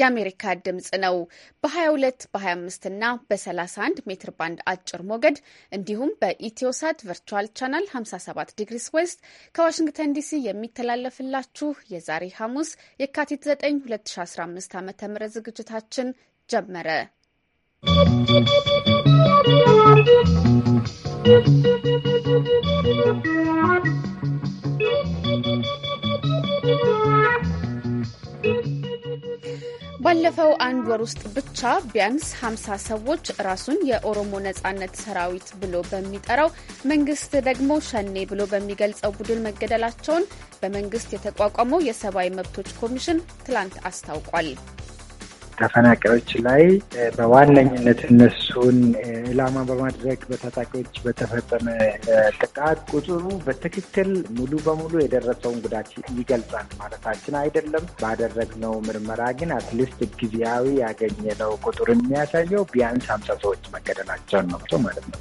የአሜሪካ ድምፅ ነው። በ22 በ25 እና በ31 ሜትር ባንድ አጭር ሞገድ እንዲሁም በኢትዮሳት ቨርቹዋል ቻናል 57 ዲግሪስ ዌስት ከዋሽንግተን ዲሲ የሚተላለፍላችሁ የዛሬ ሐሙስ የካቲት 9 2015 ዓ ም ዝግጅታችን ጀመረ። ¶¶ ባለፈው አንድ ወር ውስጥ ብቻ ቢያንስ 50 ሰዎች ራሱን የኦሮሞ ነጻነት ሰራዊት ብሎ በሚጠራው መንግስት ደግሞ ሸኔ ብሎ በሚገልጸው ቡድን መገደላቸውን በመንግስት የተቋቋመው የሰብአዊ መብቶች ኮሚሽን ትላንት አስታውቋል። ተፈናቃዮች ላይ በዋነኝነት እነሱን ኢላማ በማድረግ በታጣቂዎች በተፈጸመ ጥቃት ቁጥሩ በትክክል ሙሉ በሙሉ የደረሰውን ጉዳት ይገልጻል ማለታችን አይደለም። ባደረግነው ምርመራ ግን አትሊስት ጊዜያዊ ያገኘነው ቁጥር የሚያሳየው ቢያንስ ሀምሳ ሰዎች መገደላቸውን ነው ማለት ነው።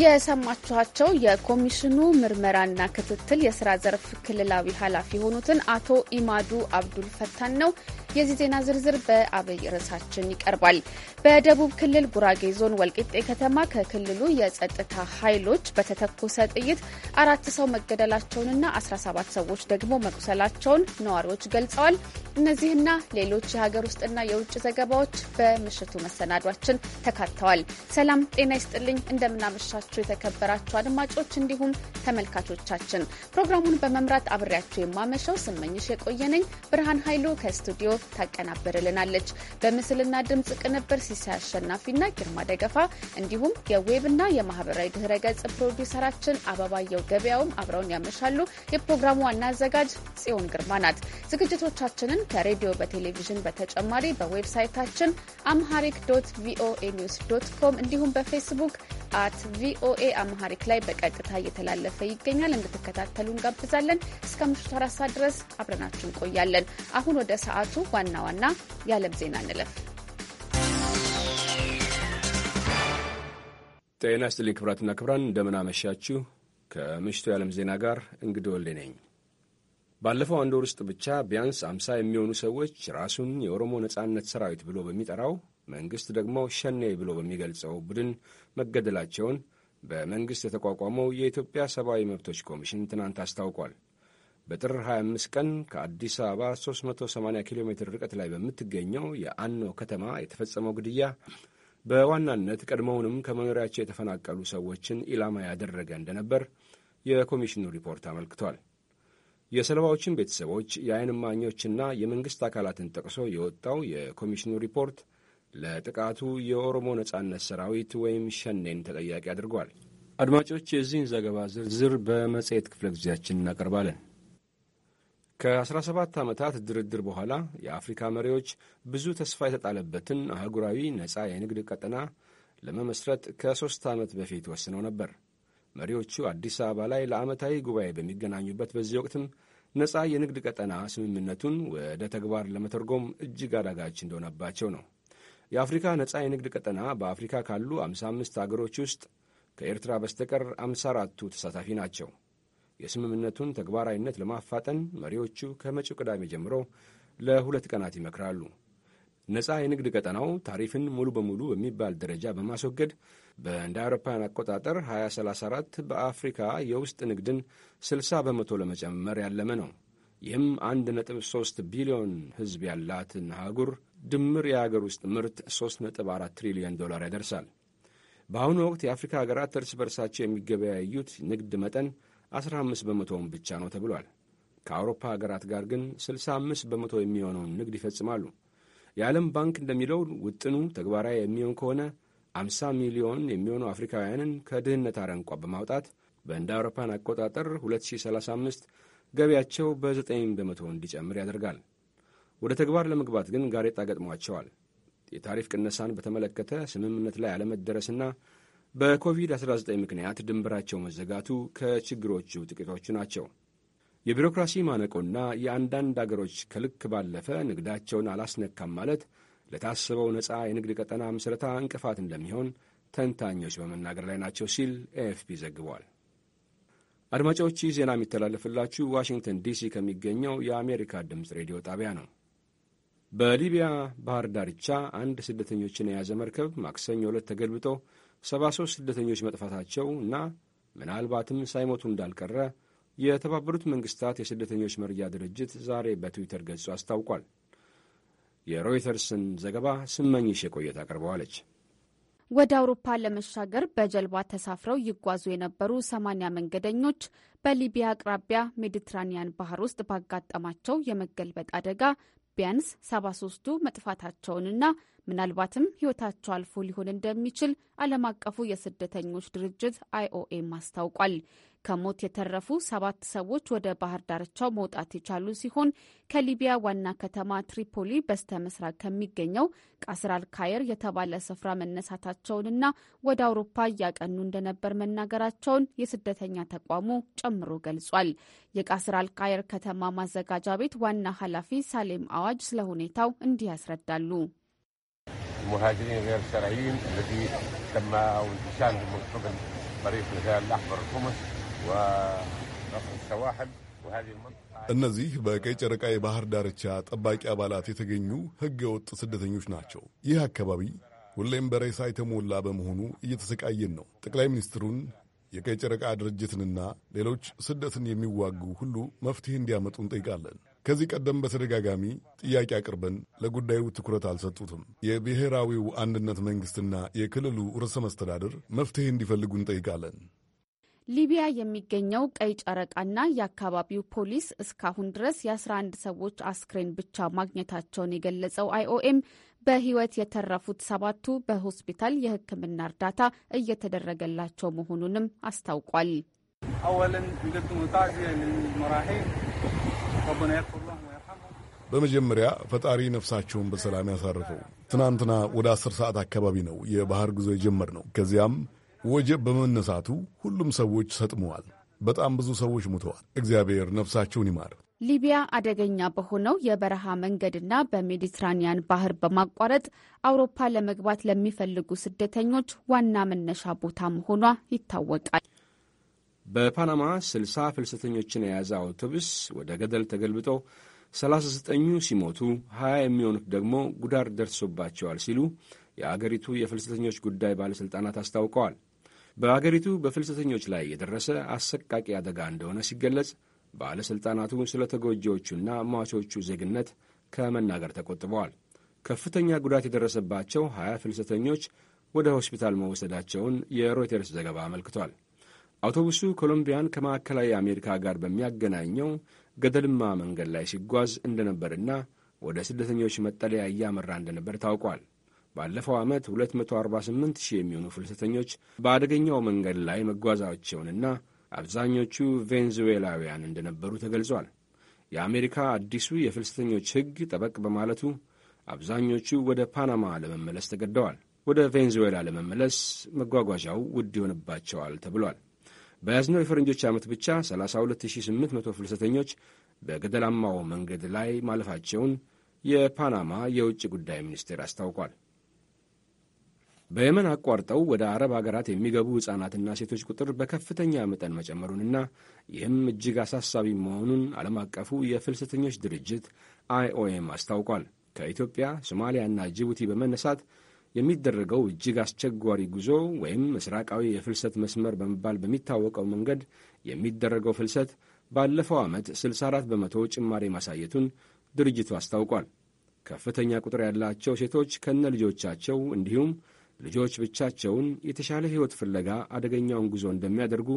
የሰማችኋቸው የኮሚሽኑ ምርመራና ክትትል የስራ ዘርፍ ክልላዊ ኃላፊ የሆኑትን አቶ ኢማዱ አብዱል ፈታን ነው። የዚህ ዜና ዝርዝር በአብይ ርዕሳችን ይቀርባል። በደቡብ ክልል ጉራጌ ዞን ወልቂጤ ከተማ ከክልሉ የጸጥታ ኃይሎች በተተኮሰ ጥይት አራት ሰው መገደላቸውንና 17 ሰዎች ደግሞ መቁሰላቸውን ነዋሪዎች ገልጸዋል። እነዚህና ሌሎች የሀገር ውስጥና የውጭ ዘገባዎች በምሽቱ መሰናዷችን ተካተዋል። ሰላም ጤና ይስጥልኝ። እንደምናመሻችሁ የተከበራችሁ አድማጮች እንዲሁም ተመልካቾቻችን ፕሮግራሙን በመምራት አብሬያችሁ የማመሸው ስመኝሽ የቆየነኝ ብርሃን ኃይሉ ከስቱዲዮ ጌታቸው ታቀናበርልናለች። በምስልና ድምፅ ቅንብር ሲሳይ አሸናፊና ግርማ ደገፋ እንዲሁም የዌብና የማህበራዊ ድህረ ገጽ ፕሮዲውሰራችን አበባየው ገበያውም አብረውን ያመሻሉ። የፕሮግራሙ ዋና አዘጋጅ ጽዮን ግርማ ናት። ዝግጅቶቻችንን ከሬዲዮ በቴሌቪዥን በተጨማሪ በዌብሳይታችን አምሃሪክ ዶት ቪኦኤ ኒውስ ዶት ኮም እንዲሁም በፌስቡክ አት ቪኦኤ አምሃሪክ ላይ በቀጥታ እየተላለፈ ይገኛል። እንድትከታተሉ እንጋብዛለን። እስከ ምሽቱ አራት ሰዓት ድረስ አብረናችሁ እንቆያለን። አሁን ወደ ሰዓቱ ዋና ዋና የዓለም ዜና እንለፍ። ጤና ይስጥልኝ ክብራትና ክብራን፣ እንደምን አመሻችሁ። ከምሽቱ የዓለም ዜና ጋር እንግዲ ወልዴ ነኝ። ባለፈው አንድ ወር ውስጥ ብቻ ቢያንስ አምሳ የሚሆኑ ሰዎች ራሱን የኦሮሞ ነጻነት ሰራዊት ብሎ በሚጠራው መንግሥት ደግሞ ሸኔ ብሎ በሚገልጸው ቡድን መገደላቸውን በመንግሥት የተቋቋመው የኢትዮጵያ ሰብአዊ መብቶች ኮሚሽን ትናንት አስታውቋል። በጥር 25 ቀን ከአዲስ አበባ 380 ኪሎ ሜትር ርቀት ላይ በምትገኘው የአኖ ከተማ የተፈጸመው ግድያ በዋናነት ቀድሞውንም ከመኖሪያቸው የተፈናቀሉ ሰዎችን ኢላማ ያደረገ እንደነበር የኮሚሽኑ ሪፖርት አመልክቷል። የሰለባዎችን ቤተሰቦች የዓይን እማኞችና የመንግሥት አካላትን ጠቅሶ የወጣው የኮሚሽኑ ሪፖርት ለጥቃቱ የኦሮሞ ነጻነት ሰራዊት ወይም ሸኔን ተጠያቂ አድርጓል። አድማጮች፣ የዚህን ዘገባ ዝርዝር በመጽሔት ክፍለ ጊዜያችን እናቀርባለን። ከ17 ዓመታት ድርድር በኋላ የአፍሪካ መሪዎች ብዙ ተስፋ የተጣለበትን አህጉራዊ ነፃ የንግድ ቀጠና ለመመስረት ከሦስት ዓመት በፊት ወስነው ነበር። መሪዎቹ አዲስ አበባ ላይ ለዓመታዊ ጉባኤ በሚገናኙበት በዚህ ወቅትም ነፃ የንግድ ቀጠና ስምምነቱን ወደ ተግባር ለመተርጎም እጅግ አዳጋች እንደሆነባቸው ነው። የአፍሪካ ነፃ የንግድ ቀጠና በአፍሪካ ካሉ 55 አገሮች ውስጥ ከኤርትራ በስተቀር 54ቱ ተሳታፊ ናቸው። የስምምነቱን ተግባራዊነት ለማፋጠን መሪዎቹ ከመጪው ቅዳሜ ጀምሮ ለሁለት ቀናት ይመክራሉ። ነፃ የንግድ ቀጠናው ታሪፍን ሙሉ በሙሉ በሚባል ደረጃ በማስወገድ በእንደ አውሮፓውያን አቆጣጠር 2034 በአፍሪካ የውስጥ ንግድን 60 በመቶ ለመጨመር ያለመ ነው። ይህም 1.3 ቢሊዮን ሕዝብ ያላትን አህጉር ድምር የአገር ውስጥ ምርት 3.4 ትሪሊዮን ዶላር ያደርሳል። በአሁኑ ወቅት የአፍሪካ ሀገራት እርስ በርሳቸው የሚገበያዩት ንግድ መጠን 15 በመቶውን ብቻ ነው ተብሏል። ከአውሮፓ ሀገራት ጋር ግን 65 በመቶ የሚሆነውን ንግድ ይፈጽማሉ። የዓለም ባንክ እንደሚለው ውጥኑ ተግባራዊ የሚሆን ከሆነ 50 ሚሊዮን የሚሆኑ አፍሪካውያንን ከድህነት አረንቋ በማውጣት በእንደ አውሮፓን አቆጣጠር 2035 ገቢያቸው በ9 በመቶ እንዲጨምር ያደርጋል። ወደ ተግባር ለመግባት ግን ጋሬጣ ገጥሟቸዋል። የታሪፍ ቅነሳን በተመለከተ ስምምነት ላይ አለመደረስና በኮቪድ-19 ምክንያት ድንበራቸው መዘጋቱ ከችግሮቹ ጥቂቶቹ ናቸው። የቢሮክራሲ ማነቆና የአንዳንድ አገሮች ከልክ ባለፈ ንግዳቸውን አላስነካም ማለት ለታሰበው ነፃ የንግድ ቀጠና ምስረታ እንቅፋት እንደሚሆን ተንታኞች በመናገር ላይ ናቸው ሲል ኤኤፍፒ ዘግቧል። አድማጮች ይህ ዜና የሚተላለፍላችሁ ዋሽንግተን ዲሲ ከሚገኘው የአሜሪካ ድምፅ ሬዲዮ ጣቢያ ነው። በሊቢያ ባህር ዳርቻ አንድ ስደተኞችን የያዘ መርከብ ማክሰኞ ዕለት ተገልብጦ 73 ስደተኞች መጥፋታቸው እና ምናልባትም ሳይሞቱ እንዳልቀረ የተባበሩት መንግስታት የስደተኞች መርጃ ድርጅት ዛሬ በትዊተር ገጹ አስታውቋል። የሮይተርስን ዘገባ ስመኝሽ የቆየት አቅርበዋለች። ወደ አውሮፓ ለመሻገር በጀልባ ተሳፍረው ይጓዙ የነበሩ ሰማኒያ መንገደኞች በሊቢያ አቅራቢያ ሜዲትራኒያን ባህር ውስጥ ባጋጠማቸው የመገልበጥ አደጋ ቢያንስ 73ቱ መጥፋታቸውንና ምናልባትም ሕይወታቸው አልፎ ሊሆን እንደሚችል ዓለም አቀፉ የስደተኞች ድርጅት አይኦኤም አስታውቋል። ከሞት የተረፉ ሰባት ሰዎች ወደ ባህር ዳርቻው መውጣት የቻሉ ሲሆን ከሊቢያ ዋና ከተማ ትሪፖሊ በስተ ምስራቅ ከሚገኘው ቃስር አልካየር የተባለ ስፍራ መነሳታቸውንና ወደ አውሮፓ እያቀኑ እንደነበር መናገራቸውን የስደተኛ ተቋሙ ጨምሮ ገልጿል። የቃስር አልካየር ከተማ ማዘጋጃ ቤት ዋና ኃላፊ ሳሌም አዋጅ ስለ ሁኔታው እንዲህ ያስረዳሉ። المهاجرين غير الشرعيين التي تم انتشارهم من قبل طريق الهلال الاحمر الخمس وقصر السواحل وهذه المنطقه እነዚህ በቀይ ጨረቃ የባህር ዳርቻ ጠባቂ አባላት የተገኙ ሕገ ወጥ ስደተኞች ናቸው። ይህ አካባቢ ሁሌም በሬሳ የተሞላ በመሆኑ እየተሰቃየን ነው። ጠቅላይ ሚኒስትሩን የቀይ ጨረቃ ድርጅትንና ሌሎች ስደትን የሚዋጉ ሁሉ መፍትሄ እንዲያመጡ እንጠይቃለን። ከዚህ ቀደም በተደጋጋሚ ጥያቄ አቅርበን ለጉዳዩ ትኩረት አልሰጡትም። የብሔራዊው አንድነት መንግስትና የክልሉ ርዕሰ መስተዳድር መፍትሄ እንዲፈልጉ እንጠይቃለን። ሊቢያ የሚገኘው ቀይ ጨረቃና የአካባቢው ፖሊስ እስካሁን ድረስ የ11 ሰዎች አስክሬን ብቻ ማግኘታቸውን የገለጸው አይኦኤም በህይወት የተረፉት ሰባቱ በሆስፒታል የሕክምና እርዳታ እየተደረገላቸው መሆኑንም አስታውቋል። በመጀመሪያ ፈጣሪ ነፍሳቸውን በሰላም ያሳርፈው። ትናንትና ወደ አስር ሰዓት አካባቢ ነው የባህር ጉዞ የጀመርነው። ከዚያም ወጀብ በመነሳቱ ሁሉም ሰዎች ሰጥመዋል። በጣም ብዙ ሰዎች ሙተዋል። እግዚአብሔር ነፍሳቸውን ይማር። ሊቢያ አደገኛ በሆነው የበረሃ መንገድና በሜዲትራኒያን ባህር በማቋረጥ አውሮፓ ለመግባት ለሚፈልጉ ስደተኞች ዋና መነሻ ቦታ መሆኗ ይታወቃል። በፓናማ 60 ፍልሰተኞችን የያዘ አውቶቡስ ወደ ገደል ተገልብጦ 39ኙ ሲሞቱ 20 የሚሆኑት ደግሞ ጉዳር ደርሶባቸዋል ሲሉ የአገሪቱ የፍልሰተኞች ጉዳይ ባለሥልጣናት አስታውቀዋል። በአገሪቱ በፍልሰተኞች ላይ የደረሰ አሰቃቂ አደጋ እንደሆነ ሲገለጽ ባለሥልጣናቱ ስለ ተጎጂዎቹና ሟቾቹ ዜግነት ከመናገር ተቆጥበዋል። ከፍተኛ ጉዳት የደረሰባቸው 20 ፍልሰተኞች ወደ ሆስፒታል መወሰዳቸውን የሮይተርስ ዘገባ አመልክቷል። አውቶቡሱ ኮሎምቢያን ከማዕከላዊ አሜሪካ ጋር በሚያገናኘው ገደልማ መንገድ ላይ ሲጓዝ እንደነበርና ወደ ስደተኞች መጠለያ እያመራ እንደነበር ታውቋል። ባለፈው ዓመት 248 ሺህ የሚሆኑ ፍልሰተኞች በአደገኛው መንገድ ላይ መጓዛቸውንና አብዛኞቹ ቬንዙዌላውያን እንደነበሩ ተገልጿል። የአሜሪካ አዲሱ የፍልሰተኞች ሕግ ጠበቅ በማለቱ አብዛኞቹ ወደ ፓናማ ለመመለስ ተገደዋል። ወደ ቬንዙዌላ ለመመለስ መጓጓዣው ውድ ይሆንባቸዋል ተብሏል። በያዝነው የፈረንጆች ዓመት ብቻ 32800 ፍልሰተኞች በገደላማው መንገድ ላይ ማለፋቸውን የፓናማ የውጭ ጉዳይ ሚኒስቴር አስታውቋል። በየመን አቋርጠው ወደ አረብ አገራት የሚገቡ ሕፃናትና ሴቶች ቁጥር በከፍተኛ መጠን መጨመሩንና ይህም እጅግ አሳሳቢ መሆኑን ዓለም አቀፉ የፍልሰተኞች ድርጅት አይኦኤም አስታውቋል። ከኢትዮጵያ፣ ሶማሊያና ጅቡቲ በመነሳት የሚደረገው እጅግ አስቸጓሪ ጉዞ ወይም ምስራቃዊ የፍልሰት መስመር በመባል በሚታወቀው መንገድ የሚደረገው ፍልሰት ባለፈው ዓመት 64 በመቶ ጭማሪ ማሳየቱን ድርጅቱ አስታውቋል። ከፍተኛ ቁጥር ያላቸው ሴቶች ከነ ልጆቻቸው እንዲሁም ልጆች ብቻቸውን የተሻለ ሕይወት ፍለጋ አደገኛውን ጉዞ እንደሚያደርጉ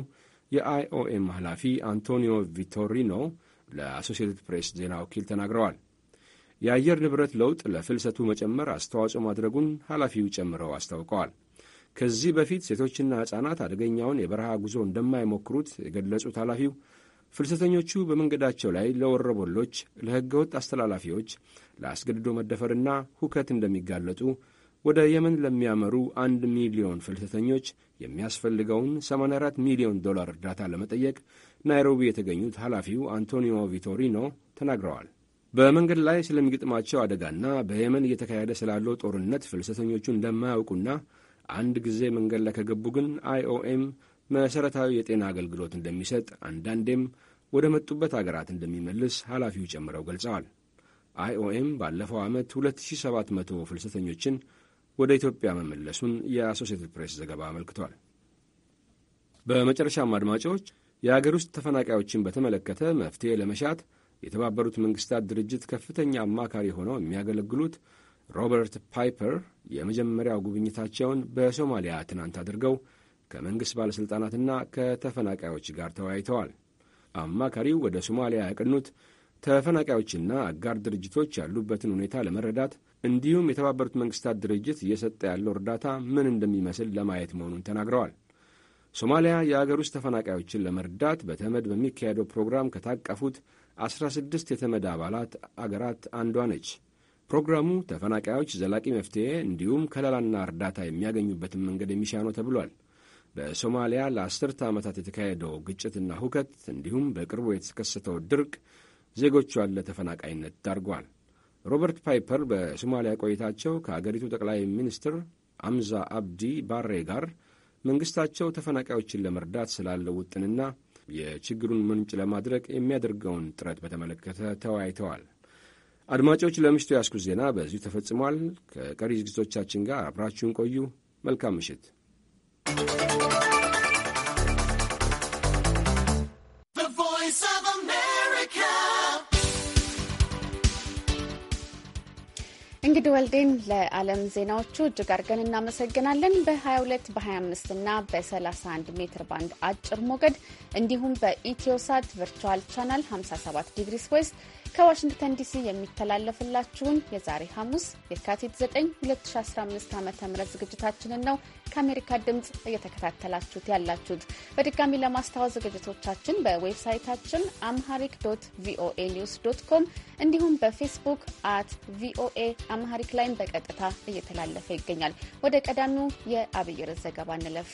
የአይኦኤም ኃላፊ አንቶኒዮ ቪቶሪኖ ለአሶሲየትድ ፕሬስ ዜና ወኪል ተናግረዋል። የአየር ንብረት ለውጥ ለፍልሰቱ መጨመር አስተዋጽኦ ማድረጉን ኃላፊው ጨምረው አስታውቀዋል። ከዚህ በፊት ሴቶችና ሕፃናት አደገኛውን የበረሃ ጉዞ እንደማይሞክሩት የገለጹት ኃላፊው ፍልሰተኞቹ በመንገዳቸው ላይ ለወረበሎች፣ ወጥ አስተላላፊዎች፣ ለአስገድዶ መደፈርና ሁከት እንደሚጋለጡ ወደ የመን ለሚያመሩ አንድ ሚሊዮን ፍልሰተኞች የሚያስፈልገውን 84 ሚሊዮን ዶላር እርዳታ ለመጠየቅ ናይሮቢ የተገኙት ኃላፊው አንቶኒዮ ቪቶሪኖ ተናግረዋል። በመንገድ ላይ ስለሚገጥማቸው አደጋና በየመን እየተካሄደ ስላለው ጦርነት ፍልሰተኞቹ እንደማያውቁና አንድ ጊዜ መንገድ ላይ ከገቡ ግን አይኦኤም መሠረታዊ የጤና አገልግሎት እንደሚሰጥ አንዳንዴም ወደ መጡበት አገራት እንደሚመልስ ኃላፊው ጨምረው ገልጸዋል። አይኦኤም ባለፈው ዓመት 2700 ፍልሰተኞችን ወደ ኢትዮጵያ መመለሱን የአሶሴትድ ፕሬስ ዘገባ አመልክቷል። በመጨረሻም አድማጮች የአገር ውስጥ ተፈናቃዮችን በተመለከተ መፍትሔ ለመሻት የተባበሩት መንግስታት ድርጅት ከፍተኛ አማካሪ ሆነው የሚያገለግሉት ሮበርት ፓይፐር የመጀመሪያው ጉብኝታቸውን በሶማሊያ ትናንት አድርገው ከመንግሥት ባለሥልጣናትና ከተፈናቃዮች ጋር ተወያይተዋል። አማካሪው ወደ ሶማሊያ ያቀኑት ተፈናቃዮችና አጋር ድርጅቶች ያሉበትን ሁኔታ ለመረዳት እንዲሁም የተባበሩት መንግስታት ድርጅት እየሰጠ ያለው እርዳታ ምን እንደሚመስል ለማየት መሆኑን ተናግረዋል። ሶማሊያ የአገር ውስጥ ተፈናቃዮችን ለመርዳት በተመድ በሚካሄደው ፕሮግራም ከታቀፉት 16 የተመድ አባላት አገራት አንዷ ነች። ፕሮግራሙ ተፈናቃዮች ዘላቂ መፍትሔ እንዲሁም ከለላና እርዳታ የሚያገኙበትን መንገድ የሚሻ ነው ተብሏል። በሶማሊያ ለአስርተ ዓመታት የተካሄደው ግጭትና ሁከት እንዲሁም በቅርቡ የተከሰተው ድርቅ ዜጎቿን ለተፈናቃይነት ዳርጓል። ሮበርት ፓይፐር በሶማሊያ ቆይታቸው ከአገሪቱ ጠቅላይ ሚኒስትር አምዛ አብዲ ባሬ ጋር መንግሥታቸው ተፈናቃዮችን ለመርዳት ስላለው ውጥንና የችግሩን ምንጭ ለማድረግ የሚያደርገውን ጥረት በተመለከተ ተወያይተዋል። አድማጮች፣ ለምሽቱ ያስኩት ዜና በዚሁ ተፈጽሟል። ከቀሪ ዝግጅቶቻችን ጋር አብራችሁን ቆዩ። መልካም ምሽት። እንግዲህ ወልዴን ለዓለም ዜናዎቹ እጅግ አድርገን እናመሰግናለን። በ22 በ25 እና በ31 ሜትር ባንድ አጭር ሞገድ እንዲሁም በኢትዮሳት ቨርቹዋል ቻናል 57 ዲግሪስ ስዌስት ከዋሽንግተን ዲሲ የሚተላለፍላችሁን የዛሬ ሐሙስ የካቲት 9 2015 ዓ ም ዝግጅታችንን ነው ከአሜሪካ ድምፅ እየተከታተላችሁት ያላችሁት። በድጋሚ ለማስታወስ ዝግጅቶቻችን በዌብሳይታችን አምሃሪክ ዶት ቪኦኤ ኒውስ ዶት ኮም እንዲሁም በፌስቡክ አት ቪኦኤ አምሃሪክ ላይም በቀጥታ እየተላለፈ ይገኛል። ወደ ቀዳሚው የአብይር ዘገባ እንለፍ።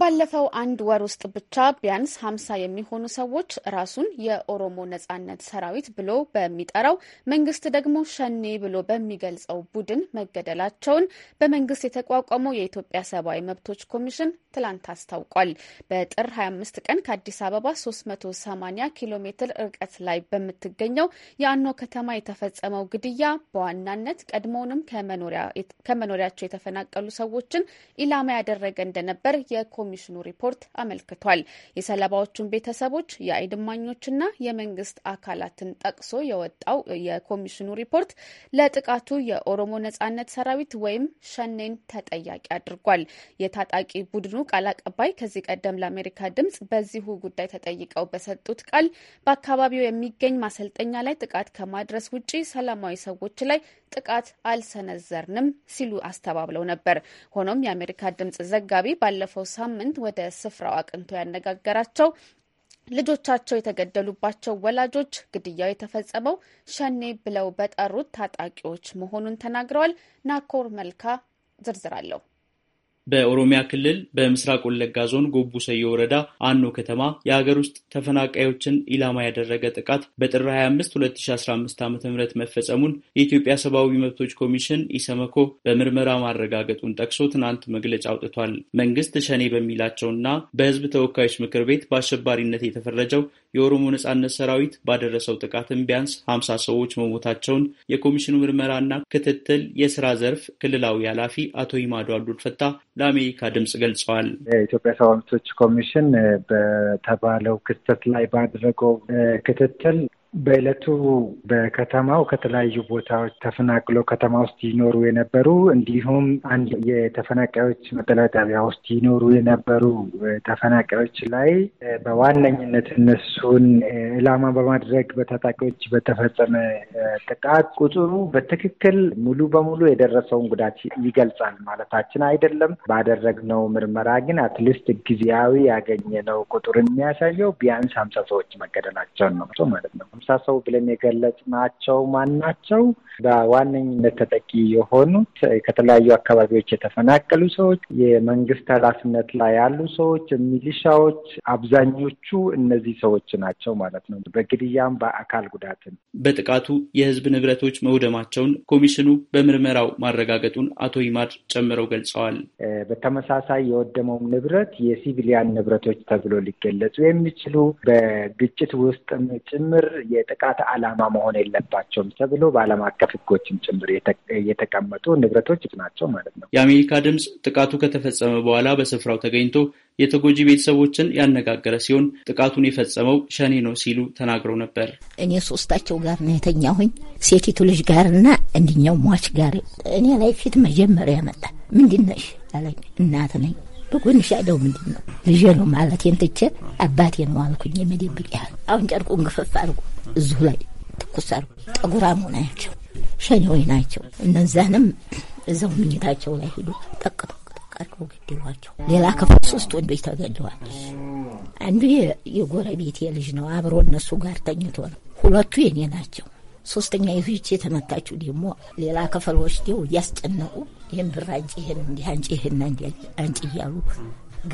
ባለፈው አንድ ወር ውስጥ ብቻ ቢያንስ ሀምሳ የሚሆኑ ሰዎች ራሱን የኦሮሞ ነጻነት ሰራዊት ብሎ በሚጠራው መንግስት ደግሞ ሸኔ ብሎ በሚገልጸው ቡድን መገደላቸውን በመንግስት የተቋቋመው የኢትዮጵያ ሰብአዊ መብቶች ኮሚሽን ትላንት አስታውቋል። በጥር 25 ቀን ከአዲስ አበባ 380 ኪሎ ሜትር ርቀት ላይ በምትገኘው የአኖ ከተማ የተፈጸመው ግድያ በዋናነት ቀድሞውንም ከመኖሪያቸው የተፈናቀሉ ሰዎችን ኢላማ ያደረገ እንደነበር የኮሚሽኑ ሪፖርት አመልክቷል። የሰለባዎቹን ቤተሰቦች፣ የአይን እማኞችና የመንግስት አካላትን ጠቅሶ የወጣው የኮሚሽኑ ሪፖርት ለጥቃቱ የኦሮሞ ነጻነት ሰራዊት ወይም ሸኔን ተጠያቂ አድርጓል። የታጣቂ ቡድኑ ቃል አቀባይ ከዚህ ቀደም ለአሜሪካ ድምጽ በዚሁ ጉዳይ ተጠይቀው በሰጡት ቃል በአካባቢው የሚገኝ ማሰልጠኛ ላይ ጥቃት ከማድረስ ውጪ ሰላማዊ ሰዎች ላይ ጥቃት አልሰነዘርንም ሲሉ አስተባብለው ነበር። ሆኖም የአሜሪካ ድምጽ ዘጋቢ ባለፈው ሳምንት ወደ ስፍራው አቅንቶ ያነጋገራቸው ልጆቻቸው የተገደሉባቸው ወላጆች ግድያው የተፈጸመው ሸኔ ብለው በጠሩት ታጣቂዎች መሆኑን ተናግረዋል። ናኮር መልካ ዝርዝር አለው። በኦሮሚያ ክልል በምስራቅ ወለጋ ዞን ጎቡ ሰዮ ወረዳ አኖ ከተማ የሀገር ውስጥ ተፈናቃዮችን ኢላማ ያደረገ ጥቃት በጥር 25 2015 ዓ ም መፈጸሙን የኢትዮጵያ ሰብአዊ መብቶች ኮሚሽን ኢሰመኮ በምርመራ ማረጋገጡን ጠቅሶ ትናንት መግለጫ አውጥቷል። መንግስት ሸኔ በሚላቸውና በህዝብ ተወካዮች ምክር ቤት በአሸባሪነት የተፈረጀው የኦሮሞ ነጻነት ሰራዊት ባደረሰው ጥቃትም ቢያንስ 50 ሰዎች መሞታቸውን የኮሚሽኑ ምርመራና ክትትል የስራ ዘርፍ ክልላዊ ኃላፊ አቶ ይማዶ አብዱልፈታ ለአሜሪካ ድምፅ ገልጸዋል። የኢትዮጵያ ሰብአዊ መብቶች ኮሚሽን በተባለው ክስተት ላይ ባደረገው ክትትል በዕለቱ በከተማው ከተለያዩ ቦታዎች ተፈናቅለው ከተማ ውስጥ ይኖሩ የነበሩ እንዲሁም አንድ የተፈናቃዮች መጠለያ ጣቢያ ውስጥ ይኖሩ የነበሩ ተፈናቃዮች ላይ በዋነኝነት እነሱን ዕላማ በማድረግ በታጣቂዎች በተፈጸመ ጥቃት ቁጥሩ በትክክል ሙሉ በሙሉ የደረሰውን ጉዳት ይገልጻል ማለታችን አይደለም። ባደረግነው ምርመራ ግን አትሊስት ጊዜያዊ ያገኘነው ቁጥር የሚያሳየው ቢያንስ ሀምሳ ሰዎች መገደላቸውን ነው ማለት ነው። ሀምሳ ሰው ብለን የገለጽናቸው ማናቸው በዋነኝነት ተጠቂ የሆኑት ከተለያዩ አካባቢዎች የተፈናቀሉ ሰዎች፣ የመንግስት ኃላፊነት ላይ ያሉ ሰዎች፣ ሚሊሻዎች አብዛኞቹ እነዚህ ሰዎች ናቸው ማለት ነው። በግድያም በአካል ጉዳትም በጥቃቱ የህዝብ ንብረቶች መውደማቸውን ኮሚሽኑ በምርመራው ማረጋገጡን አቶ ይማድ ጨምረው ገልጸዋል። በተመሳሳይ የወደመው ንብረት የሲቪሊያን ንብረቶች ተብሎ ሊገለጹ የሚችሉ በግጭት ውስጥ ጭምር የጥቃት ዓላማ መሆን የለባቸውም ተብሎ በዓለም አቀፍ ሕጎችም ጭምር የተቀመጡ ንብረቶች ናቸው ማለት ነው። የአሜሪካ ድምፅ ጥቃቱ ከተፈጸመ በኋላ በስፍራው ተገኝቶ የተጎጂ ቤተሰቦችን ያነጋገረ ሲሆን ጥቃቱን የፈጸመው ሸኔ ነው ሲሉ ተናግረው ነበር። እኔ ሶስታቸው ጋር ነው የተኛሁኝ፣ ሴቲቱ ልጅ ጋር እና እንድኛው ሟች ጋር። እኔ ላይ ፊት መጀመሪያ መጣ። ምንድን ነሽ አለኝ። እናት ነኝ በጎንሽ ሻደው ምንድን ነው? ልጄ ነው ማለቴን ትቼ አባቴ ነው አልኩኝ። የመደብቅ ያህል አሁን ጨርቁን ግፈፍ አድርጎ እዙ ላይ ትኩስ አድርጎ ጠጉራሙ ናቸው፣ ሸኔዎች ናቸው። እነዛንም እዛው ምኝታቸው ላይ ሂዱ ጠቅ ጠቅ ጠቅ አድርገው ገደሏቸው። ሌላ ክፍል ሶስት ወንዶች ተገደዋል። አንዱ የጎረቤቴ ልጅ ነው አብሮ እነሱ ጋር ተኝቶ ነው። ሁለቱ የኔ ናቸው። ሶስተኛ ይህች የተመታችው ደግሞ ሌላ ከፈል ወስደው እያስጨነቁ ይህን ብር አንጭ ይህን እንዲህ አንጭ ይህን አንጭ እያሉ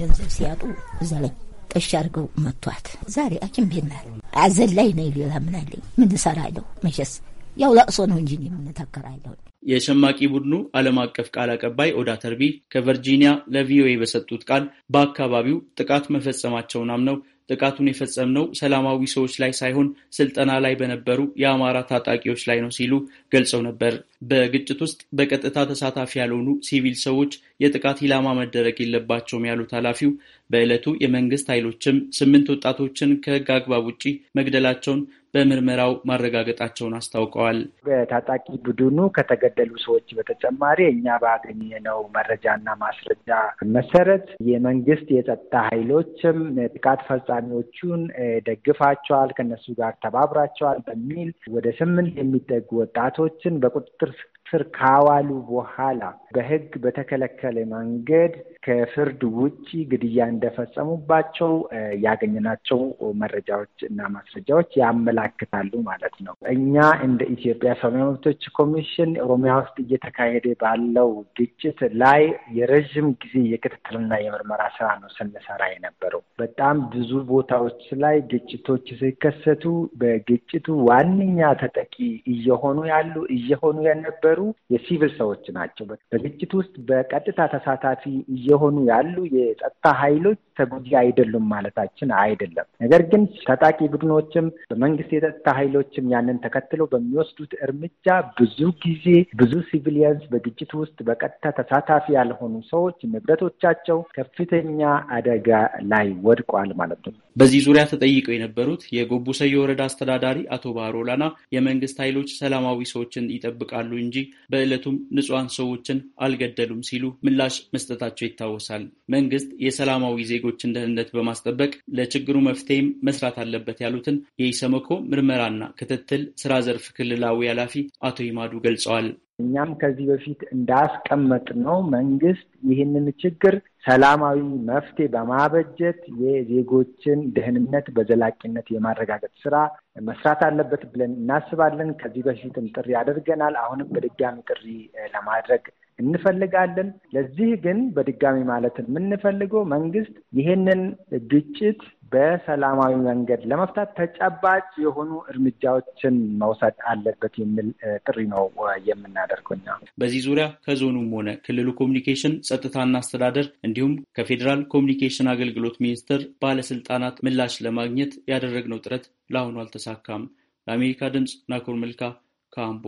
ገንዘብ ሲያጡ እዛ ላይ ቀሽ አድርገው መቷት። ዛሬ አኪም ቤናል አዘን ላይ ነኝ። ሌላ ምን አለኝ? ምን እሰራለሁ? መቼስ ያው ለቅሶ ነው እንጂ የምንተከራለሁ። የሸማቂ ቡድኑ ዓለም አቀፍ ቃል አቀባይ ኦዳ ተርቢ ከቨርጂኒያ ለቪኦኤ በሰጡት ቃል በአካባቢው ጥቃት መፈጸማቸውን አምነው ጥቃቱን የፈጸምነው ሰላማዊ ሰዎች ላይ ሳይሆን ስልጠና ላይ በነበሩ የአማራ ታጣቂዎች ላይ ነው ሲሉ ገልጸው ነበር። በግጭት ውስጥ በቀጥታ ተሳታፊ ያልሆኑ ሲቪል ሰዎች የጥቃት ኢላማ መደረግ የለባቸውም ያሉት ኃላፊው በዕለቱ የመንግስት ኃይሎችም ስምንት ወጣቶችን ከህግ አግባብ ውጪ መግደላቸውን በምርመራው ማረጋገጣቸውን አስታውቀዋል። በታጣቂ ቡድኑ ከተገደሉ ሰዎች በተጨማሪ እኛ ባገኘነው መረጃና ማስረጃ መሰረት የመንግስት የጸጥታ ኃይሎችም ጥቃት ፈጻሚዎቹን ደግፋቸዋል፣ ከነሱ ጋር ተባብራቸዋል በሚል ወደ ስምንት የሚጠጉ ወጣቶችን በቁጥጥር ስር ካዋሉ በኋላ በሕግ በተከለከለ መንገድ ከፍርድ ውጪ ግድያ እንደፈጸሙባቸው ያገኘናቸው መረጃዎች እና ማስረጃዎች ያመላክታሉ ማለት ነው። እኛ እንደ ኢትዮጵያ ሰብአዊ መብቶች ኮሚሽን ኦሮሚያ ውስጥ እየተካሄደ ባለው ግጭት ላይ የረዥም ጊዜ የክትትልና የምርመራ ስራ ነው ስንሰራ የነበረው። በጣም ብዙ ቦታዎች ላይ ግጭቶች ሲከሰቱ በግጭቱ ዋነኛ ተጠቂ እየሆኑ ያሉ እየሆኑ የነበሩ የነበሩ የሲቪል ሰዎች ናቸው። በግጭት ውስጥ በቀጥታ ተሳታፊ እየሆኑ ያሉ የጸጥታ ኃይሎች ተጎጂ አይደሉም ማለታችን አይደለም። ነገር ግን ታጣቂ ቡድኖችም በመንግስት የጸጥታ ኃይሎችም ያንን ተከትለው በሚወስዱት እርምጃ ብዙ ጊዜ ብዙ ሲቪሊየንስ በግጭት ውስጥ በቀጥታ ተሳታፊ ያልሆኑ ሰዎች ንብረቶቻቸው ከፍተኛ አደጋ ላይ ወድቋል ማለት ነው። በዚህ ዙሪያ ተጠይቀው የነበሩት የጎቡሰዮ ወረዳ አስተዳዳሪ አቶ ላና የመንግስት ኃይሎች ሰላማዊ ሰዎችን ይጠብቃሉ እንጂ በዕለቱም ንጹሐን ሰዎችን አልገደሉም ሲሉ ምላሽ መስጠታቸው ይታወሳል። መንግስት የሰላማዊ ዜጎ የዜጎችን ደህንነት በማስጠበቅ ለችግሩ መፍትሄም መስራት አለበት ያሉትን የኢሰመኮ ምርመራና ክትትል ስራ ዘርፍ ክልላዊ ኃላፊ አቶ ይማዱ ገልጸዋል። እኛም ከዚህ በፊት እንዳስቀመጥ ነው መንግስት ይህንን ችግር ሰላማዊ መፍትሄ በማበጀት የዜጎችን ደህንነት በዘላቂነት የማረጋገጥ ስራ መስራት አለበት ብለን እናስባለን። ከዚህ በፊትም ጥሪ አድርገናል። አሁንም በድጋሚ ጥሪ ለማድረግ እንፈልጋለን። ለዚህ ግን በድጋሚ ማለት የምንፈልገው መንግስት ይህንን ግጭት በሰላማዊ መንገድ ለመፍታት ተጨባጭ የሆኑ እርምጃዎችን መውሰድ አለበት የሚል ጥሪ ነው የምናደርገው። እኛ በዚህ ዙሪያ ከዞኑም ሆነ ክልሉ ኮሚኒኬሽን ጸጥታና አስተዳደር እንዲሁም ከፌዴራል ኮሚኒኬሽን አገልግሎት ሚኒስቴር ባለስልጣናት ምላሽ ለማግኘት ያደረግነው ጥረት ለአሁኑ አልተሳካም። ለአሜሪካ ድምፅ ናኮር መልካ ካምቦ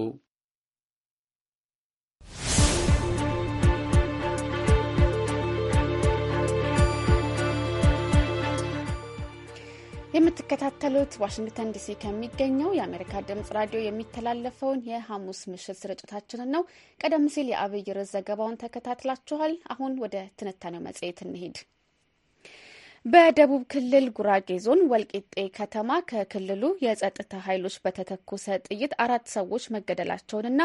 የምትከታተሉት ዋሽንግተን ዲሲ ከሚገኘው የአሜሪካ ድምጽ ራዲዮ የሚተላለፈውን የሐሙስ ምሽት ስርጭታችንን ነው። ቀደም ሲል የአብይ ርዕስ ዘገባውን ተከታትላችኋል። አሁን ወደ ትንታኔው መጽሔት እንሂድ። በደቡብ ክልል ጉራጌ ዞን ወልቂጤ ከተማ ከክልሉ የጸጥታ ኃይሎች በተተኮሰ ጥይት አራት ሰዎች መገደላቸውንና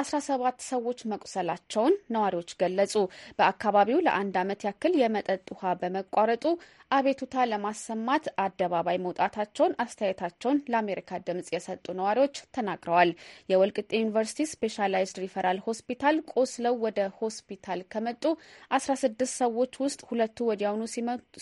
አስራ ሰባት ሰዎች መቁሰላቸውን ነዋሪዎች ገለጹ። በአካባቢው ለአንድ ዓመት ያክል የመጠጥ ውሃ በመቋረጡ አቤቱታ ለማሰማት አደባባይ መውጣታቸውን አስተያየታቸውን ለአሜሪካ ድምጽ የሰጡ ነዋሪዎች ተናግረዋል። የወልቂጤ ዩኒቨርሲቲ ስፔሻላይዝድ ሪፈራል ሆስፒታል ቆስለው ወደ ሆስፒታል ከመጡ አስራ ስድስት ሰዎች ውስጥ ሁለቱ ወዲያውኑ